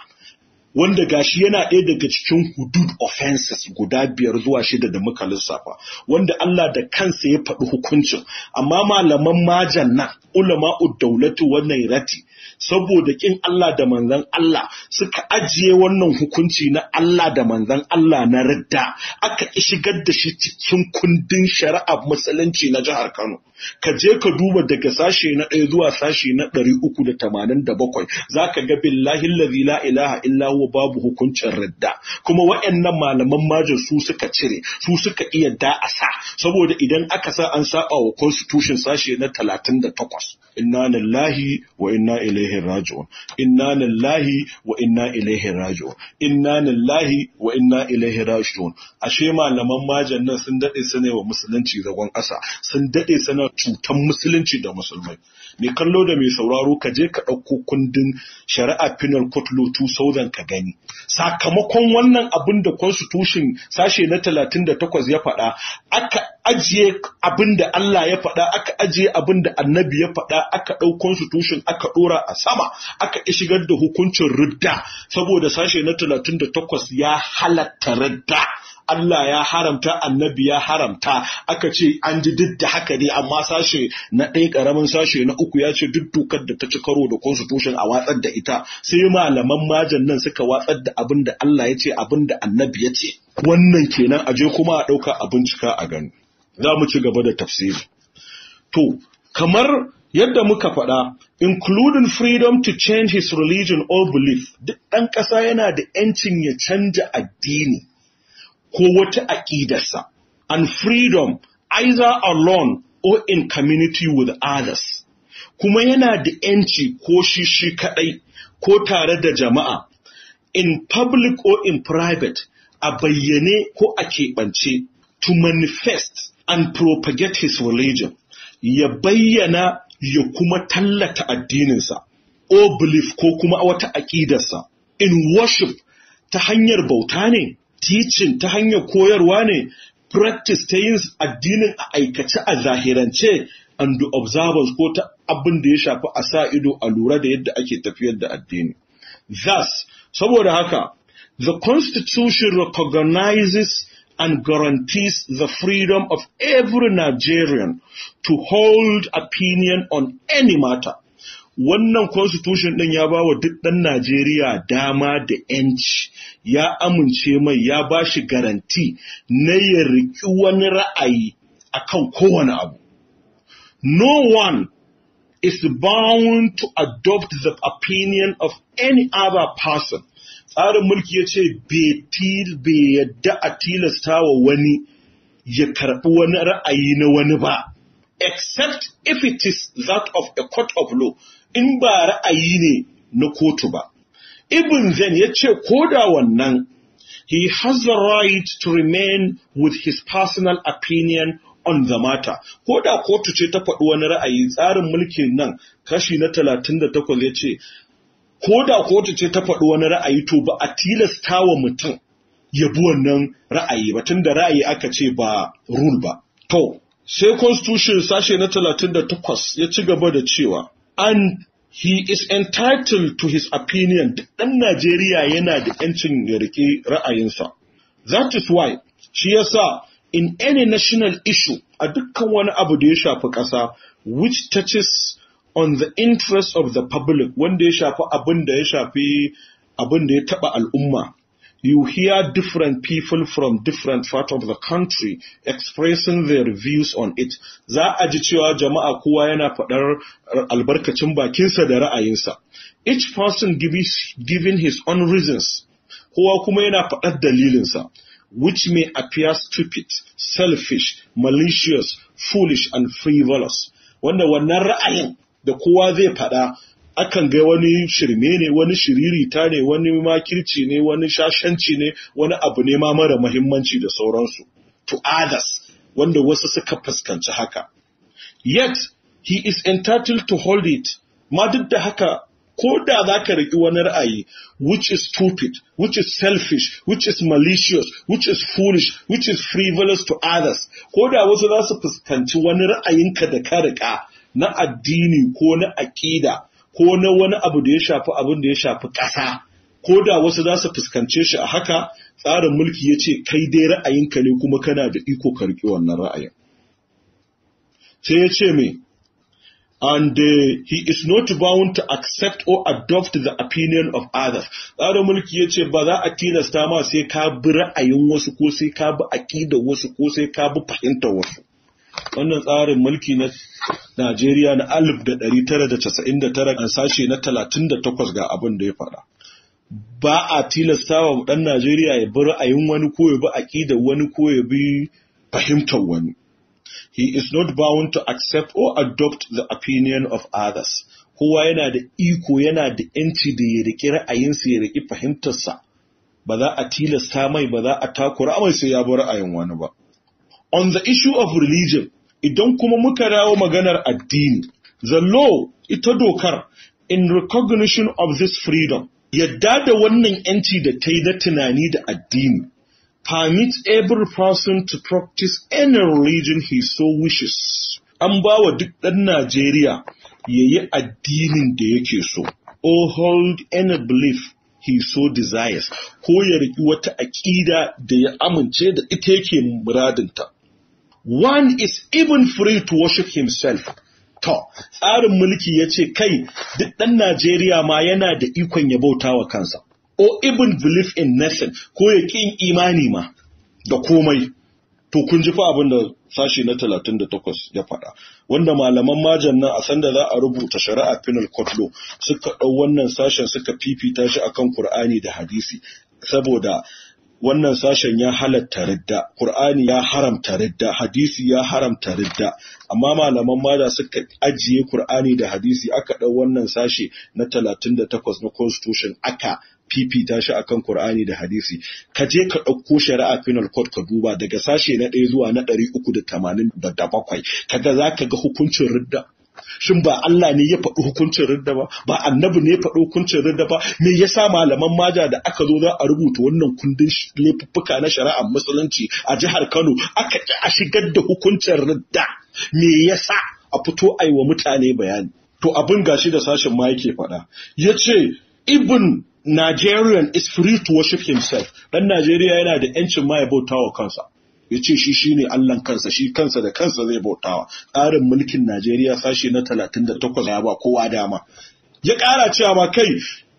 wanda gashi yana ɗaya daga cikin hudud offenses guda biyar zuwa shida da muka lissafa wanda Allah da kansa ya faɗi hukuncin amma malaman majan nan ulama daulatu wannan rati saboda kin Allah da manzan Allah suka ajiye wannan hukunci na Allah da manzan Allah na ridda aka shigar da shi cikin kundin shari'ar musulunci na jihar Kano ka je ka duba daga sashe na ɗaya zuwa sashe na ɗari uku da tamanin da bakwai za ka ga billahi lazi la ilaha illa huwa babu hukuncin radda kuma waɗannan malaman majin su suka cire su suka iya da'asa saboda idan aka sa an saba wa constitution sashe na talatin da takwas inna lillahi wa inna ilaihi raji'un inna lillahi wa inna ilaihi raji'un inna lillahi wa inna ilaihi raji'un ashe malaman majin nan sun daɗe su wa musulunci zagon ƙasa sun daɗe su suna cutan musulunci da musulmai mai kallo da mai sauraro ka je ka ɗauko kundin shari'a penal court law 2000 ka gani sakamakon wannan abin da constitution sashe na 38 ya faɗa aka ajiye abin da Allah ya faɗa aka ajiye abin da annabi ya faɗa aka ɗau constitution aka ɗora a sama aka shigar da hukuncin ridda saboda sashe na 38 ya halatta ridda Allah ya haramta annabi ya haramta aka ce an ji duk da haka ne amma sashe na ɗaya ƙaramin sashe na uku ya ce duk dokar da ta ci karo da constitution a watsar da ita sai malaman majan nan suka watsar da abin da Allah ya ce abin da annabi ya ce wannan kenan a je kuma a ɗauka a bincika a gani za mu ci gaba da tafsiri to kamar yadda muka faɗa including freedom to change his religion or belief duk ɗan ƙasa yana da 'yancin ya canja addini ko wata aƙidarsa. And freedom either alone or in community with others. Kuma yana da ‘yanci ko shi shi kaɗai ko tare da jama'a, in public or in private, a bayyane ko a keɓance, to manifest and propagate his religion, ya bayyana ya kuma tallata addininsa, or belief ko kuma wata aƙidarsa, in worship ta hanyar bauta ne, teaching ta hanyar koyarwa ne practice ta yin addinin a aikace a zahirance and observance ko ta abin da ya shafi a sa ido a lura da yadda ake tafiyar da addini. Thus, saboda haka, the Constitution recognizes and guarantees the freedom of every Nigerian to hold opinion on any matter. wannan constitution ɗin ya ba wa duk ɗan Najeriya dama da ‘yanci, ya amince mai ya ba shi garanti na ya riƙi wani ra'ayi a kan kowane abu. No one is bound to adopt the opinion of any other person. Tsarin mulki ya ce bai yadda a tilasta wa wani ya karɓi wani ra'ayi na wani ba. except if it is that of a court of law in ba ra'ayi ne na kotu ba. Ibn Zain ya ce ko da wannan he has the right to remain with his personal opinion on the matter. Ko da kotu ce ta faɗi wani ra'ayi tsarin mulkin nan kashi na talatin da takwas ya ce, ko da kotu ce ta faɗi wani ra'ayi to ba a tilasta wa mutum ya bi wannan ra'ayi ba tun da ra'ayi aka ce ba rule ba. To, sai constitution sashe na talatin da takwas ya ci gaba da cewa, and he is entitled to his opinion ɗan Najeriya yana da ‘yancin ya riƙe ra'ayinsa. That is why, shi yasa in any national issue a dukkan wani abu da ya shafi ƙasa which touches on the interest of the public wanda ya shafi abin da ya shafi abin da ya taɓa al'umma you hear different people from different part of the country expressing their views on it. Za a ji cewa jama'a kowa yana faɗar albarkacin bakinsa da ra'ayinsa. Each person giving his own reasons, kowa kuma yana faɗar dalilinsa, which may appear stupid, selfish, malicious, foolish and frivolous. Wanda wannan ra'ayin da kowa zai faɗa akan ga wani shirme ne wani shiririta ne wani makirci ne wani shashanci ne wani abu ne ma mara muhimmanci da sauransu to others wanda wasu suka fuskanci haka yet he is entitled to hold it ma duk da haka ko da za ka riƙi wani ra'ayi which is stupid which is selfish which is malicious which is foolish which is frivolous to others ko da wasu za su fuskanci wani ra'ayinka da ka riƙa na addini ko na aƙida ko na wani abu da ya shafi abin da ya shafi ƙasa ko da wasu za su fuskance shi a haka tsarin mulki ya ce kai dai ra'ayinka ne kuma kana da iko karki wannan ra'ayin sai ya ce me and uh, he is not bound to accept or adopt the opinion of others tsarin mulki ya ce ba za a tilasta ma sai ka bi ra'ayin wasu ko sai ka bi aƙidar wasu ko sai ka bi fahimtar wasu wannan tsarin mulki na Najeriya na 1999 an sashe na 38 ga abin da ya faɗa. Ba a tilasta wa ɗan Najeriya ya bi ra'ayin wani ko ya bi aƙidar wani ko ya bi fahimtar wani. He is not bound to accept or adopt the opinion of others. Kowa yana da iko yana da ‘yanci da ya riƙi ra'ayinsa ya riƙi fahimtarsa. Ba za a tilasta mai ba za a takura mai sai ya bi ra'ayin wani ba. on the issue of religion idan kuma muka dawo maganar addini the law ita dokar in recognition of this freedom yadda da wannan yanci da ta yi na tunani da addini permits every person to practice any religion he so wishes an ba wa duk ɗan Najeriya ya yi addinin da yake so or hold any belief he so desires ko ya riƙi wata aƙida da ya amince da ita yake muradinta one is even free to worship himself. To, tsarin mulki ya ce kai duk ɗan Najeriya ma yana da ikon ya bauta wa kansa, or even believe in nothing ko ya ƙin imani ma da komai. To, kun ji fa abin da sashi na 38 ya faɗa, wanda malaman majan nan a sanda za a rubuta shari'a penal court suka ɗau wannan sashen suka fifita shi akan Kur'ani da hadisi, saboda wannan sashen ya halatta ridda Qur'ani ya haramta ridda hadisi ya haramta ridda amma malaman mada suka ajiye Qur'ani da hadisi aka ɗau wannan sashe na 38 na constitution aka fifita shi akan Kur'ani da hadisi ka je ka ɗauko shari'a penal court ka duba daga sashe na ɗaya zuwa na ɗari uku da tamanin da bakwai kaga za ka ga hukuncin ridda shin ba Allah ne ya faɗi hukuncin ridda ba ba annabi ne ya faɗi hukuncin ridda ba me yasa malaman maja da aka zo za a rubuta wannan kundin laifuffuka na shari'ar musulunci a jihar Kano aka a shigar da hukuncin ridda me yasa a fito ai wa mutane bayani to abin gashi da sashen ma yake faɗa Ya ce, ibn Nigerian is free to worship himself Ɗan Najeriya yana da yancin ma ya bauta wa kansa ya ce shi shi ne Allahn kansa shi kansa da kansa zai bautawa tsarin mulkin Najeriya sashe na talatin 38 ya ba kowa dama ya ƙara cewa ma kai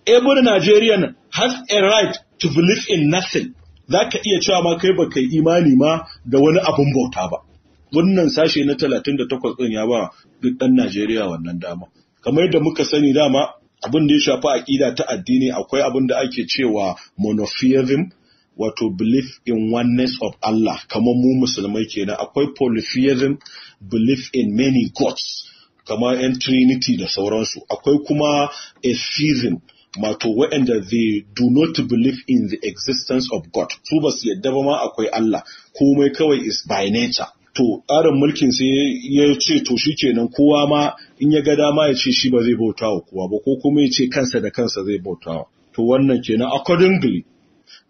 every Nigerian has a right to believe in nothing za ka iya cewa ma kai ba kai imani ma da wani abun bauta ba wannan sashe na talatin da takwas ɗin ya ba duk ɗan Najeriya wannan dama kamar yadda muka sani dama abin da ya shafi aƙida ta addini akwai abin da ake cewa monotheism wato belief in oneness of Allah kamar mu musulmai kenan akwai polytheism belief in many gods kamar yan trinity da sauransu akwai kuma atheism wato waɗanda they do not believe in the existence of God su ba su yadda ba ma akwai Allah komai kawai is by nature to tsarin mulkin sai ya ce to shi kenan kowa ma in ya ga dama ya ce shi ba zai bautawa kowa ba ko kuma ya ce kansa da kansa zai bauta wa to wannan kenan accordingly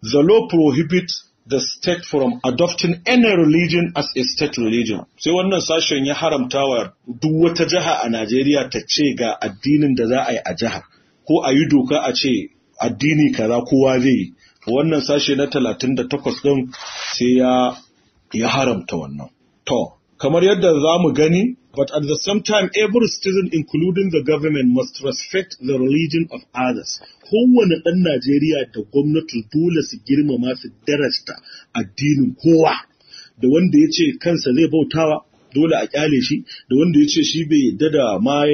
the law prohibits the state from adopting any religion as a state religion. Sai wannan sashen ya haramta wa duk wata jiha a Najeriya ta ce ga addinin da za a yi a jihar, ko a yi doka a ce addini kaza kowa zai yi. Wannan sashe na talatin da takwas ɗin sai ya haramta wannan. To, kamar yadda za mu gani But at the same time, every citizen, including the government, must respect the religion of others. Kowane ɗan Najeriya da gwamnati dole su girmama su darasta addinin kowa. Da wanda ya ce kansa zai bautawa, dole a kyale shi, da wanda ya ce shi bai yadda da ma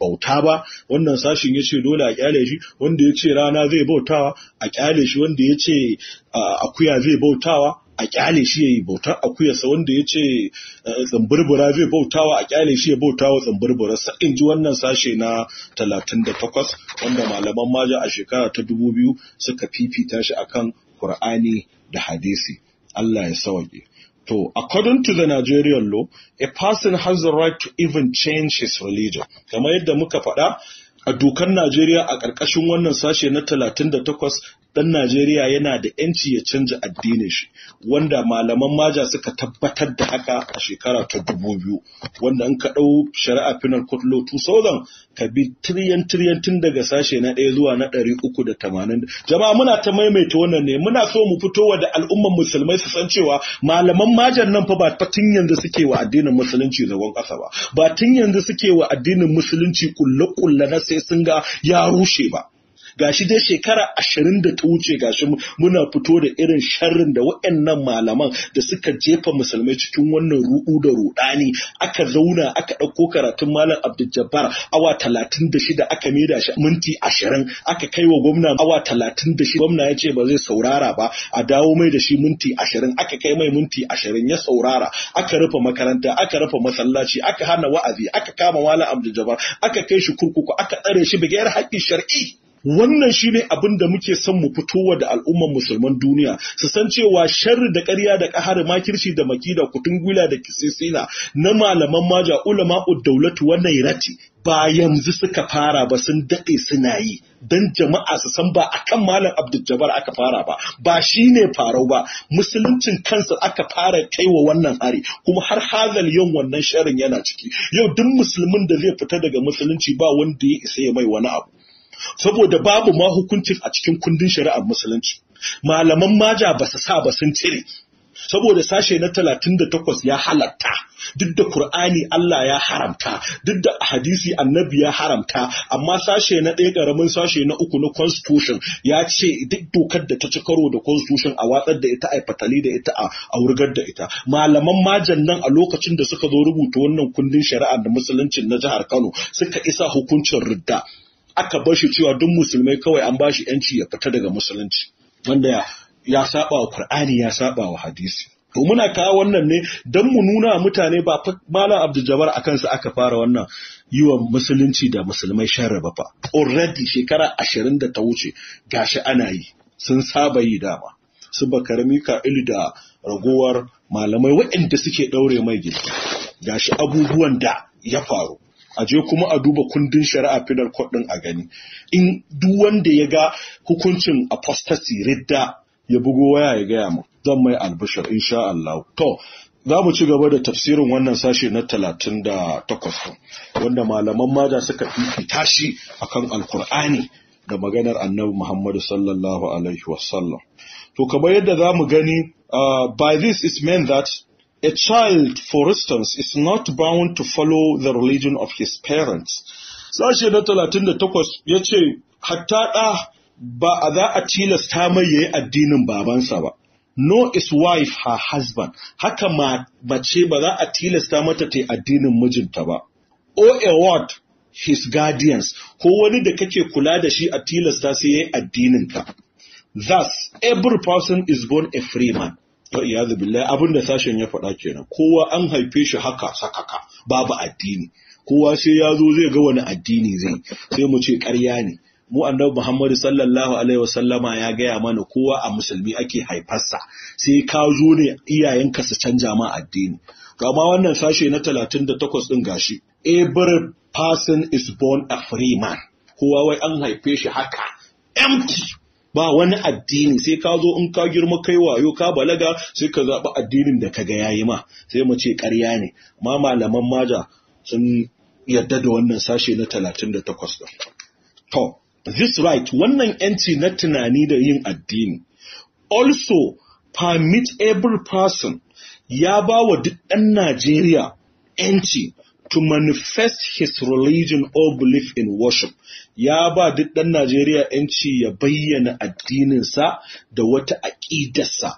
bauta ba wannan sashin ya ce dole a kyale shi wanda ya ce rana zai bautawa a kyale shi wanda ya ce akuya zai bautawa a kyale shi yayi bautar akuyarsa wanda ya ce zamburbura eh, zai bautawa a kyale shi ya bautawa sa in ji wannan sashe na 38 wanda malaman maja a shekara ta 2000 suka fifita shi kan Kur'ani da hadisi Allah ya sauke To, according to the Nigerian law, a person has the right to even change his religion. Kamar yadda muka faɗa, a dokar Najeriya a ƙarƙashin wannan sashe na 38 dan Najeriya yana da ‘yanci ya canja addinin shi, wanda malaman maja suka tabbatar da haka a shekara ta dubu biyu, wanda in ka ɗau shari'a Final Court Law 2000 ka bi tiriyan tiriyan tun daga sashe na ɗaya zuwa na ɗari uku da tamanin. Jama'a muna ta maimaita wannan ne, muna so mu fito wa da al'umman musulmai su san cewa malaman majan nan fa ba tun yanzu suke wa addinin musulunci zagon kasa ba, ba tun yanzu suke wa addinin musulunci kulle-kulle na sai sun ga ya rushe ba. gashi dai shekara ashirin da ta wuce gashi muna fito da irin sharrin da wa'annan malaman da suka jefa musulmai cikin wannan ru'u da ruɗani aka zauna aka ɗauko karatun malam abdul awa talatin da shida aka maida shi minti ashirin aka kai wa gwamna awa talatin da shida gwamna ya ce ba zai saurara ba a dawo mai da shi minti ashirin aka kai mai minti ashirin ya saurara aka rufe makaranta aka rufe masallaci aka hana wa'azi aka kama malam abdul aka kai shi kurkuku aka tsare shi bigayar haƙƙin shar'i wannan shi ne abin da muke son mu fitowa da al'ummar musulman duniya su san cewa sharri da ƙarya da ƙahari makirci da maki da kutungula da kisisina na malaman maja ulama daulatu wannan rati ba yanzu suka fara ba sun daɗe suna yi don jama'a su san ba kan malam abdul aka fara ba ba shi ne farau ba musuluncin kansa aka fara kai wa wannan hari kuma har hazal yau wannan sharin yana ciki yau duk musulmin da zai fita daga musulunci ba wanda ya isa ya mai wani abu saboda babu ma hukuncin a cikin kundin shari'ar musulunci malaman maja ba su sa ba sun cire saboda sashe na 38 ya halatta duk da Kur'ani Allah ya haramta duk da hadisi annabi ya haramta amma sashe na ɗaya ƙaramin sashe na uku na constitution ya ce duk dokar da ta ci karo da constitution a watsar da ita a fatali da ita a wurgar da ita malaman majan nan a lokacin da suka zo rubuta wannan kundin shari'a da musuluncin na jihar Kano suka isa hukuncin ridda aka bar shi cewa duk musulmai kawai an bashi yanci ya fita daga musulunci wanda ya saba wa Qur'ani ya saba wa hadisi to muna kawo wannan ne don mu nuna mutane ba malam Abdul Jabbar akan su aka fara wannan yi wa musulunci da musulmai sharraba fa already shekara ashirin da ta wuce gashi ana yi sun saba yi dama su ka ilu da ragowar malamai waɗanda suke ɗaure mai gida gashi abubuwan da ya faru a je kuma a duba kundin shari'a finar koɗin a gani in duk wanda ya ga hukuncin apostasy ridda ya bugo waya ya gaya mu zan mai albishir insha Allah to za mu ci gaba da tafsirin wannan sashe na talatin da takwas wanda malaman mada suka fifita shi akan alkur'ani da maganar annabi Muhammadu sallallahu alaihi wasallam to kamar yadda za mu gani uh, by this is meant that A child, for instance, is not bound to follow the religion of his parents. Sashe na takwas, ya ce, Hatta ɗa ba a za a tilasta mai yayi addinin babansa ba. No is wife her husband. Haka mace ba za a tilasta mata ta addinin mijinta ba. O a word his guardians, ko wani da kake kula da shi a tilasta sai yayi addininka. Thus, every person is born a free man. to billahi abin da sashen ya faɗa kenan kowa an haife shi haka sakaka babu addini kowa sai ya zo zai ga wani addini zai sai mu ce ƙarya ne mu annabi Muhammadu sallallahu alaihi wasallama ya gaya mana kowa a musulmi ake haifarsa sai ka zo ne iyayenka su canja ma addini kama wannan sashe na talatin 38 din gashi every person is born a free man kowa wai an haife shi haka empty ba wani addini sai ka zo in ka girma kai wayo ka balaga sai ka zaɓi addinin da ka ga yayi ma sai mu ce ƙarya ne ma malaman maja sun yadda da wannan sashe na 38 ɗin to this right wannan yanci na tunani da yin addini also permit every person ya ba wa duk ɗan Najeriya ‘yanci to manifest his religion or belief in worship ya ba duk ɗan Najeriya ‘yanci ya bayyana addininsa da wata aƙidarsa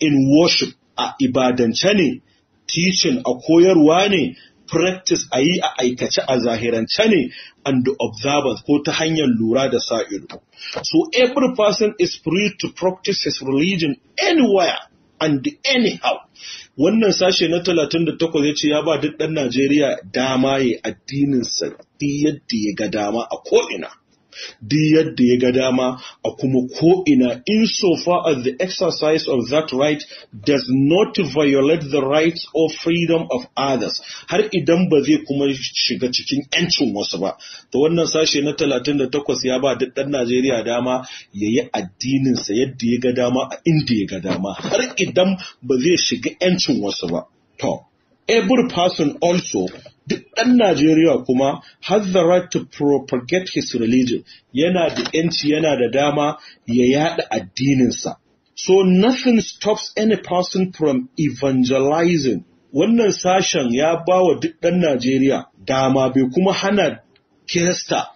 in worship a ibadance ne, teaching a koyarwa ne, practice a yi a aikace a zahirance ne and observance ko ta hanyar lura da sa'ido. So every person is free to practice his religion anywhere and anyhow wannan sashe na 38 ya ce ya ba duk ɗan Najeriya dama ya addininsa duk yadda ya ga dama a ko'ina duk yadda ya ga dama a kuma ko'ina insofar as the exercise of that right does not violate the rights or freedom of others har idan ba zai kuma shiga cikin 'yancin wasu ba Ta wannan sashe na 38 ya ba duk Najeriya dama ya yi addininsa yadda ya ga dama a inda ya ga dama har idan ba zai shiga 'yancin wasu ba to every person also duk ɗan Najeriya kuma has the right to propagate his religion yana da ‘yanci yana da dama ya yada addininsa. So nothing stops any person from evangelizing. Wannan sashen ya ba wa duk ɗan Najeriya dama bai kuma hana Kirista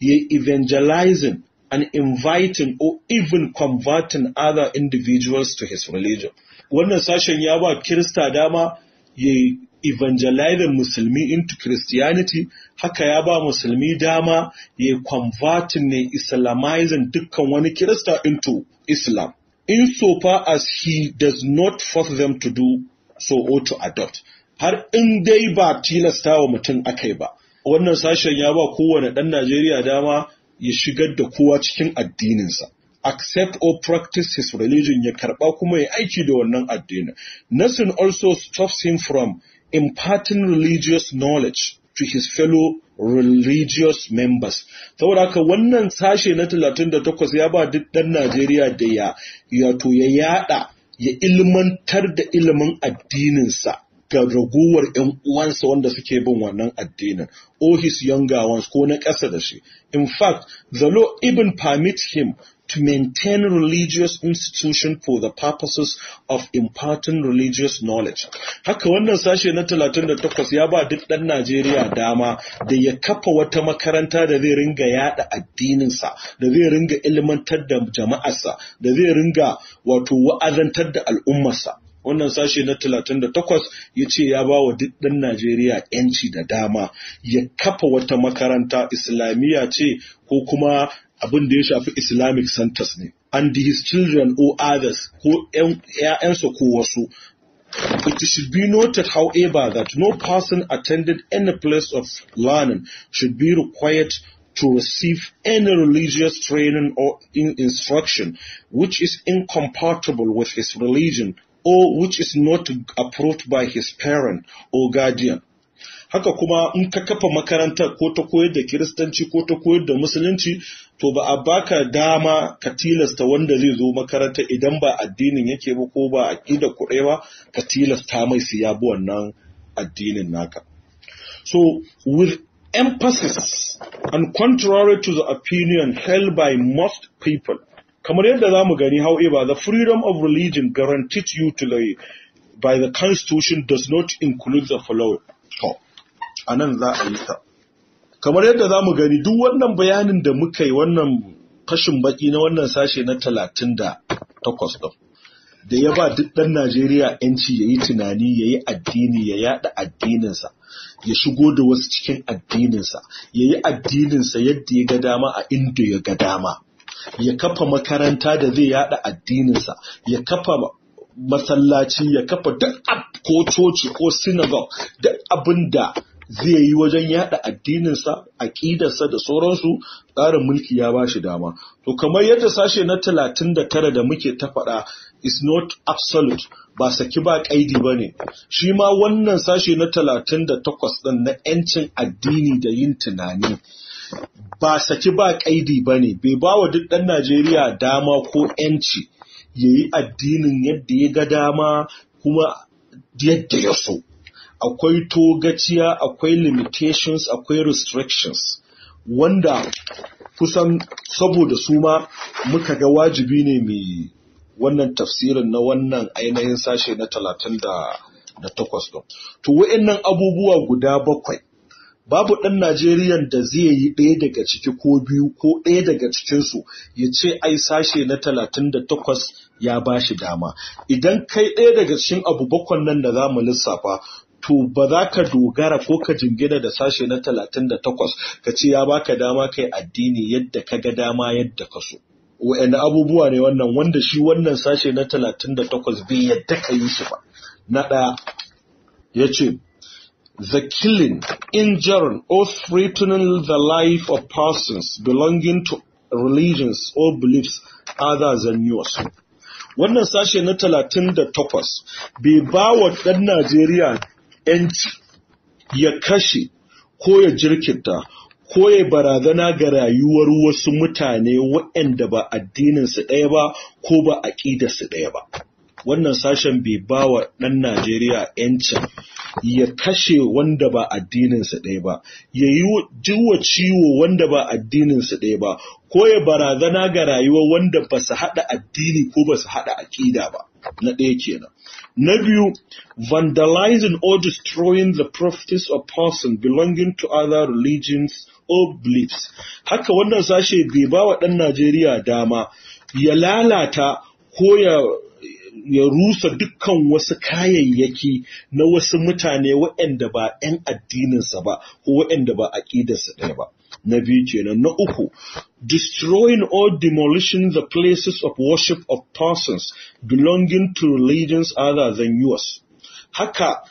ya evangelizing and inviting or even converting other individuals to his religion. Wannan sashen ya ba Kirista dama ya evangelizing musulmi into Christianity haka ya ba musulmi dama ya convert ne islamizing dukkan wani Kirista into Islam in so far as he does not force them to do so or to adopt har in dai ba tilasta wa mutum akai ba wannan sashen ya ba kowane ɗan Najeriya dama ya shigar da kowa cikin addininsa accept or practice his religion ya karɓa kuma ya aiki da wannan addinin. nursing also stops him from imparting religious knowledge to his fellow religious members. Saboda haka wannan sashe na 38 ya ba duk ɗan Najeriya da ya yato ya yada ya ilmantar da ilimin addininsa ga ragowar ‘yan uwansa wanda suke bin wannan addinin, ohis his younger ones ko na ƙasa da shi. In fact, the law even permits him to maintain religious institution for the purposes of imparting religious knowledge. Haka wannan sashe na 38 ya ba duk ɗan Najeriya dama da ya kafa wata makaranta da zai ringa yada addininsa, da zai ringa ilmantar da jama'arsa, da zai ringa wato wa'azantar da al'ummarsa. wannan sashe na 38 ya ce ya ba wa duk ɗan Najeriya 'yanci da dama ya kafa wata makaranta islamiyya ce ko kuma abin da ya shafi Islamic centers ne, and his children or others ko ƴaƴansa ko wasu. It should be noted, however, that no person attended any place of learning should be required to receive any religious training or in instruction which is incompatible with his religion or which is not approved by his parent or guardian. haka kuma in ka kafa makaranta ko ta koyar da kiristanci ko ta koyar da musulunci to ba a baka dama ka tilasta wanda zai zo makaranta idan ba addinin yake ba ko ba aƙida kuɗai ba ka tilasta mai su ya bi wannan addinin naka so with emphasis and contrary to the opinion held by most people kamar yadda za mu gani however the freedom of religion guaranteed you to by the constitution does not include the following to anan za a yi ta kamar yadda za mu gani duk wannan bayanin da muka yi wannan kashin baki na wannan sashe na talatin da takwas ɗin da ya ba duk ɗan Najeriya ‘yanci ya yi tunani ya yi addini ya yaɗa addininsa ya shigo da wasu cikin addininsa ya yi addininsa yadda ya ga dama a inda ya ga dama ya kafa makaranta da zai yaɗa addininsa ya kafa masallaci ya kafa duk ko coci ko synagogue duk abin da zai yi wajen yada addininsa aƙidarsa da sauransu tsarin mulki ya ba shi dama to kamar yadda sashe na talatin da tara da muke ta faɗa is not absolute ba saki ba ƙaidi ba ne shi ma wannan sashe na talatin da takwas ɗin na 'yancin addini da yin tunani ba saki ba ƙaidi ba ne bai ba wa duk ɗan najeriya dama ko 'yanci ya yi addinin yadda ya ga dama kuma yadda ya so akwai togaciya akwai limitations akwai restrictions wanda kusan saboda su ma muka ga wajibi ne mai wannan tafsirin na wannan ainihin sashe na talatin da takwas ɗin. To wa'innan abubuwa guda bakwai babu ɗan Najeriyan da zai yi ɗaya daga ciki ko biyu ko ɗaya daga cikinsu ya ce ai sashe na talatin da takwas ya ba shi dama. Idan kai ɗaya daga cikin abu bakwan nan da za mu lissafa to ba za ka dogara ko ka jingina da sashe na 38 ka ce ya baka dama kai addini yadda ka ga dama yadda ka so wa'anda abubuwa ne wannan wanda shi wannan sashe na 38 bai yadda ka yi shi ba na ɗaya ya ce the killing injuring or threatening the life of persons belonging to religions or beliefs other than yours wannan sashe na 38 bai ba wa ɗan Najeriya 'yanci ya kashe ko ya jirkita ko ya barazana ga rayuwar wasu mutane waɗanda ba addininsu ɗaya ba ko ba aƙidarsu ɗaya ba. Wannan sashen bai ba wa ɗan Najeriya ‘yancin ya kashe wanda ba addininsa ɗaya ba ya yi jiwa ciwo wanda ba addininsa ɗaya ba ko ya barazana ga rayuwa wanda ba su haɗa addini ko ba su haɗa aƙida ba na ɗaya kenan na biyu vandalizing or destroying the properties of person belonging to other religions or beliefs haka wannan sashe bai ba wa ɗan najeriya dama ya lalata ko ya ya rusa dukkan wasu kayayyaki na wasu mutane waɗanda ba 'yan addininsa ba ko waɗanda ba aƙidarsa ɗaya ba. Na biyu kenan. Na uku, destroying or demolishing the places of worship of persons belonging to religions other than yours. Haka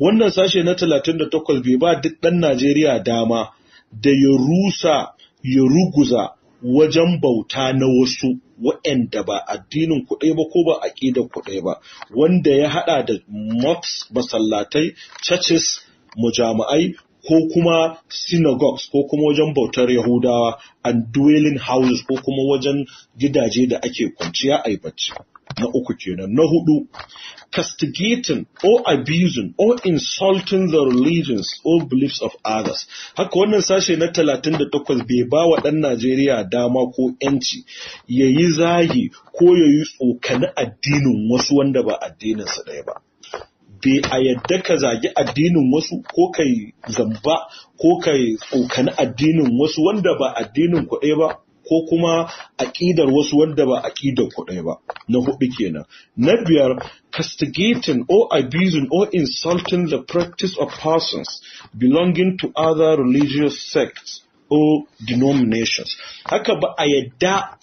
wannan sashe na talatin da takwas bai ba duk ɗan Najeriya dama da ya rusa ya ruguza wajen bauta na wasu waɗanda ba addinin kuɗai ba ko ba aƙidar kuɗai ba wanda ya haɗa da mosques masallatai churches mujami'ai ko kuma synagogues ko kuma wajen bautar yahudawa and dwelling houses ko kuma wajen gidaje da ake kwanciya a yi bacci na uku kenan na hudu castigating or abusing or insulting the religions or beliefs of others haka wannan sashe na 38 bai ba wa dan Najeriya dama ko yanci yayi zagi ko yayi tsokani addinin wasu wanda ba addinin su ɗaya ba bai a yadda ka zagi addinin wasu ko kai zamba ko kai tsokani addinin wasu wanda ba addinin ku ɗaya ba ko kuma aƙidar wasu wanda ba aƙidar kuɗai ba na hudu kenan na biyar castigating or abusing or insulting the practice of persons belonging to other religious sects or denominations haka ba a yadda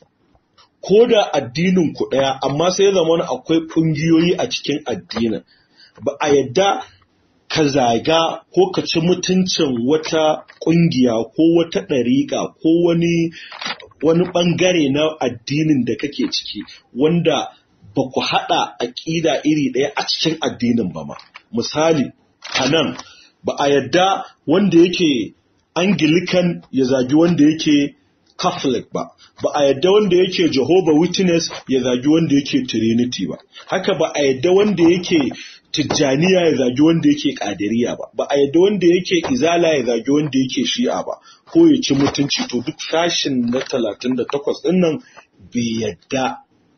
ko da addinin ku ɗaya amma sai zama akwai ƙungiyoyi a cikin addinin ba a yadda ka zaga ko ka ci mutuncin wata ƙungiya ko wata ɗariƙa ko wani wani bangare na addinin da kake ciki wanda ba ku haɗa aƙida iri ɗaya a cikin addinin ba ma. Misali, a nan ba a yadda wanda yake Anglican ya zagi wanda yake Catholic ba, ba a yadda wanda yake Jehovah Witness ya zagi wanda yake Trinity ba, haka ba a yadda wanda yake tijjaniya ya zagi wanda yake kadiriya ba ba a yadda wanda yake izala ya zagi wanda yake shi'a ba ko ya ci mutunci to duk sashin na talatin da takwas ɗin bai yadda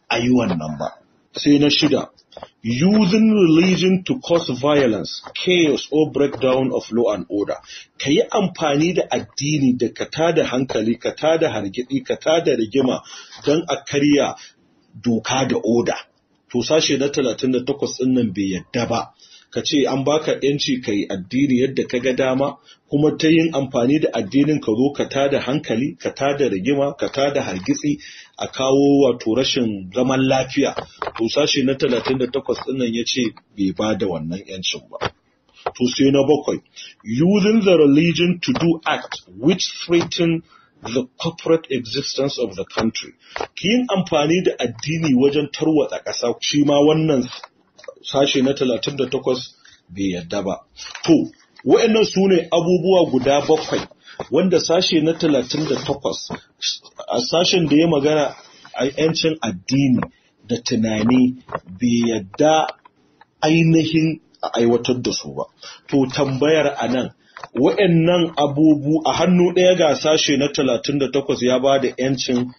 a yi wannan ba sai na shida using religion to cause violence chaos or breakdown of law and order ka yi amfani da addini da ka da hankali ka da hargitsi ka da rigima don a karya doka da oda to sashe na 38 ɗin nan bai yadda ba ka ce an baka yanci ka yi addini yadda ka ga dama kuma ta yin amfani da addinin ka zo ka ta da hankali ka ta da rigima ka ta da hargitsi a kawo wato rashin zaman lafiya to sashe na 38 ɗin nan ya ce bai ba da wannan yancin ba to sai na bakwai using the religion to do act which threaten the corporate existence of the country. Yin amfani da addini wajen tarwatsa ƙasa shi ma wannan sashe na 38 bai yadda ba. To, wa'annan su ne abubuwa guda bakwai wanda sashe na 38 a sashen da ya magana a 'yancin addini da tunani bai yadda ainihin a aiwatar da su ba. To, tambayar a nan. wa'annan abubu a hannu ɗaya ga sashe na 38 ya ba da 'yancin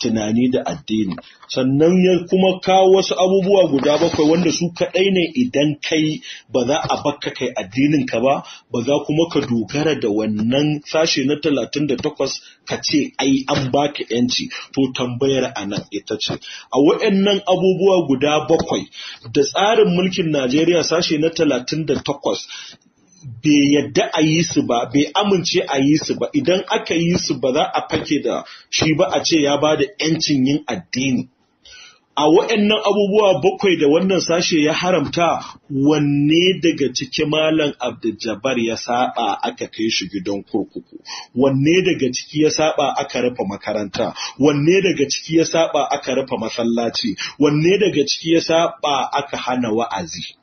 tunani da addini sannan ya kuma kawo wasu abubuwa guda bakwai wanda su kaɗai ne idan kai ba za a bakka kai addinin ka ba ba za kuma ka dogara da wannan sashe na talatin da takwas ka ce ai an baka yanci to tambayar a nan ita ce a wa'annan abubuwa guda bakwai da tsarin mulkin najeriya sashe na talatin bai yadda a yi su ba bai amince a yi su ba idan aka yi su ba za a fake da shi ba a ce ya ba da 'yancin yin addini a waɗannan abubuwa bakwai da wannan sashe ya haramta wanne daga cikin malam Abduljabar ya saba aka kai shi gidan kurkuku wanne daga ciki ya saba aka rufe makaranta wanne daga ciki ya saba aka rufe masallaci wanne daga ciki ya saba aka hana wa'azi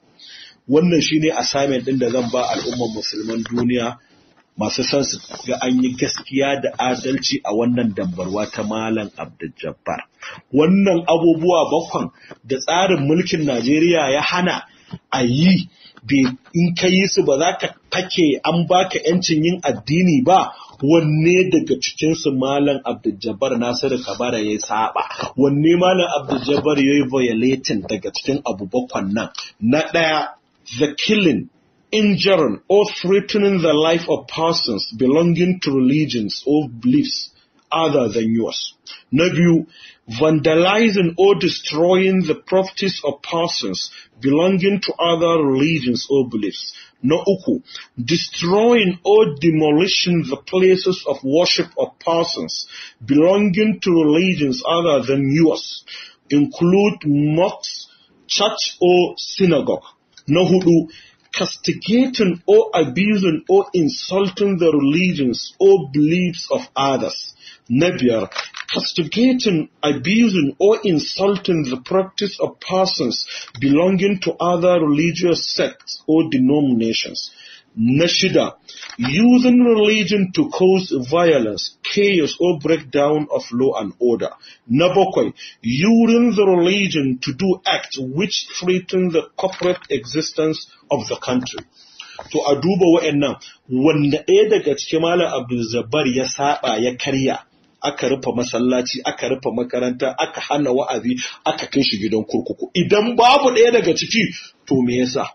wannan shi shine assignment ɗin da zan ba al'ummar musulman duniya masu son su ga an yi gaskiya da adalci a wannan dambarwa ta Malam Abdul Wannan abubuwa bakwan da tsarin mulkin Najeriya ya hana a yi in ka yi su ba za ka take an baka ‘yancin yin addini ba wanne daga cikinsu malam abdul nasiru kabara ya saba wanne malam abdul ya yi violating daga cikin abu bakwan nan na ɗaya the killing, injuring, or threatening the life of persons belonging to religions or beliefs other than yours. Number vandalizing or destroying the properties of persons belonging to other religions or beliefs. No uku, destroying or demolishing the places of worship of persons belonging to religions other than yours, include mosques, church or synagogue. Na hudu, castigating or abusing or insulting the religions or beliefs of others. Na castigating, abusing, or insulting the practice of persons belonging to other religious sects or denominations. Na shida, using religion to cause violence, chaos or breakdown of law and order. Na bakwai, using the religion to do acts which threaten the corporate existence of the country. To a duba wa'annan, wanda ɗaya daga cikin Malam Abdulzabar ya saɓa, ya karya, aka rufe masallaci, aka rufe makaranta, aka hana wa'azi, aka kai shi gidan kurkuku. Idan babu ɗaya daga ciki, to me yasa?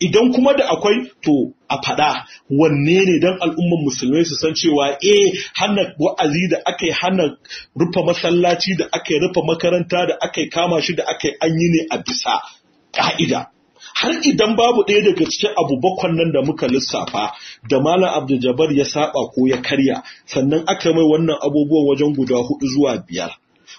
idan kuma da akwai to a faɗa wanne ne don al'umman musulmai su san cewa eh hana wa'azi da aka yi hana rufe masallaci da aka yi rufe makaranta da aka yi kama shi da aka yi an yi ne a bisa ƙa'ida har idan babu ɗaya daga cikin abu bakwan nan da muka lissafa da malam abdul ya saba ko ya karya sannan aka mai wannan abubuwan wajen guda hudu zuwa biyar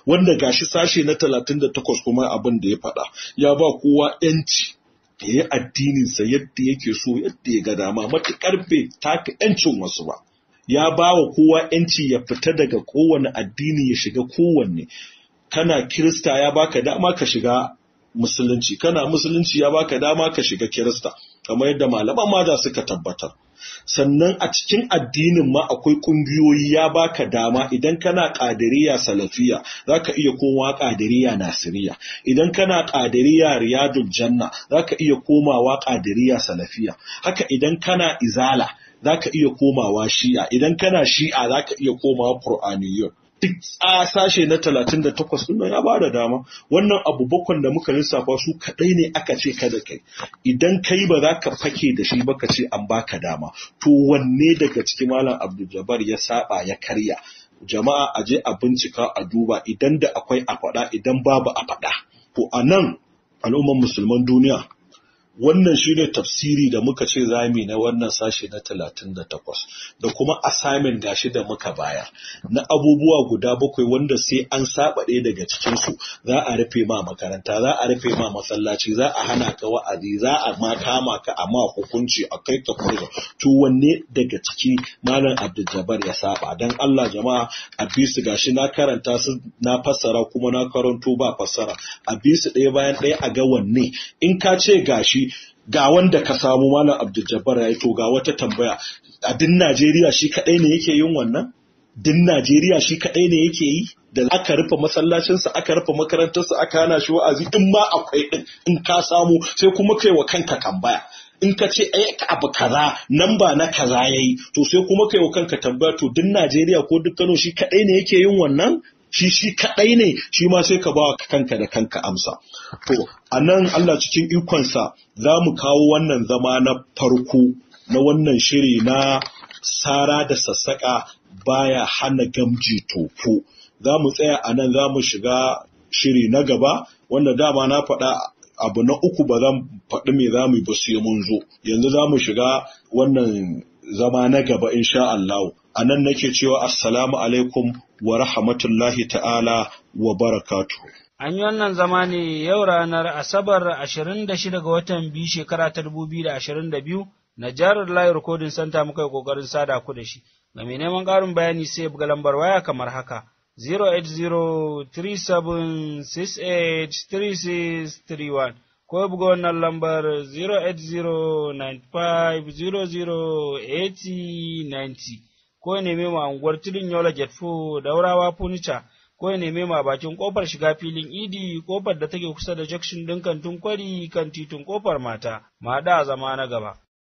wanda gashi sashe na talatin da 38 kuma abin da ya faɗa ya ba kowa 'yanci ya addinin sa yadda yake so yadda ya ga dama matuƙar bai taka ‘yancin wasu ba ya ba wa kowa ‘yanci ya fita daga kowane addini ya shiga kowanne kana kirista ya baka dama ka shiga musulunci kana musulunci ya baka dama ka shiga kirista kamar yadda malaman ma da suka tabbatar sannan a cikin addinin ma akwai ƙungiyoyi ya baka dama idan kana ƙadiriya salafiya za ka iya komawa ƙadiriya nasiriya idan kana ƙadiriya riyadul janna ka iya komawa ƙadiriya salafiya haka idan kana izala za ka iya komawa shi'a idan kana shi'a za ka iya komawa qur'aniyyun duk a sashe na talatin da takwas ɗin ya ba da dama wannan abu bakon da muka lissafa su kaɗai ne aka ce kada kai idan kai ba za ka fake da shi ba ka ce an baka dama to wanne daga cikin malam abdul ya saba ya karya jama'a a je a bincika a duba idan da akwai a faɗa idan babu a faɗa to a nan al'umman musulman duniya wannan shine tafsiri da muka ce zami na wannan sashe na 38 da kuma samin gashi da muka bayar na abubuwa guda bakwai wanda sai an saba ɗaya daga cikinsu, za a rufe ma makaranta za a rufe ma masallaci za a hana ka wa'azi za a ma kama ka a ma hukunci a kai ka kurga to wanne daga ciki malam Abdul ya saba dan Allah jama'a a bisu gashi na karanta su na fassara kuma na karanto ba fassara a bisu ɗaya bayan ɗaya a ga wanne in ka ce gashi ga wanda ka samu malam abdul jabbar ya to ga wata tambaya a din najeriya shi kaɗai ne yake yin wannan din Najeriya shi kaɗai ne yake yi da aka rufe masallacinsa aka rufe makarantarsa aka hana shi wa'azi in ma akwai din in ka samu sai kuma kai wa kanka tambaya in ka ce eh, ai abu kaza nan ba na kaza yayi to sai kuma kai wa kanka tambaya to din Najeriya ko duk Kano shi kaɗai ne yake yin wannan shi shi kaɗai ne shi ma sai ka ba kanka da kanka amsa to a nan Allah cikin ikonsa za mu kawo wannan zama na farko na wannan shiri na sara da sassaƙa baya hana gamji tofo za mu tsaya a nan za mu shiga shiri na gaba wanda dama na faɗa abu na uku ba zan faɗi me za mu yi ba sai mun zo yanzu za mu shiga wannan zama na gaba insha Allah a nan nake cewa assalamu alaikum wa rahmatullahi ta'ala wa barakatu. An yi wannan zama ne yau ranar Asabar 26 ga watan biyu shekara ta 2022 na jarar layi rikodin santa muka yi ƙoƙarin sada ku da shi. Ga mai neman ƙarin bayani sai buga lambar waya kamar haka 08037683631 ko buga wannan lambar 08095008090. ko ya neme ma unguwar tudun yola get fo daurawa furniture ko ya neme ma bakin kofar shiga filin idi kofar da take kusa da jakshin din kantin kwari kan titin kofar mata ma da zama na gaba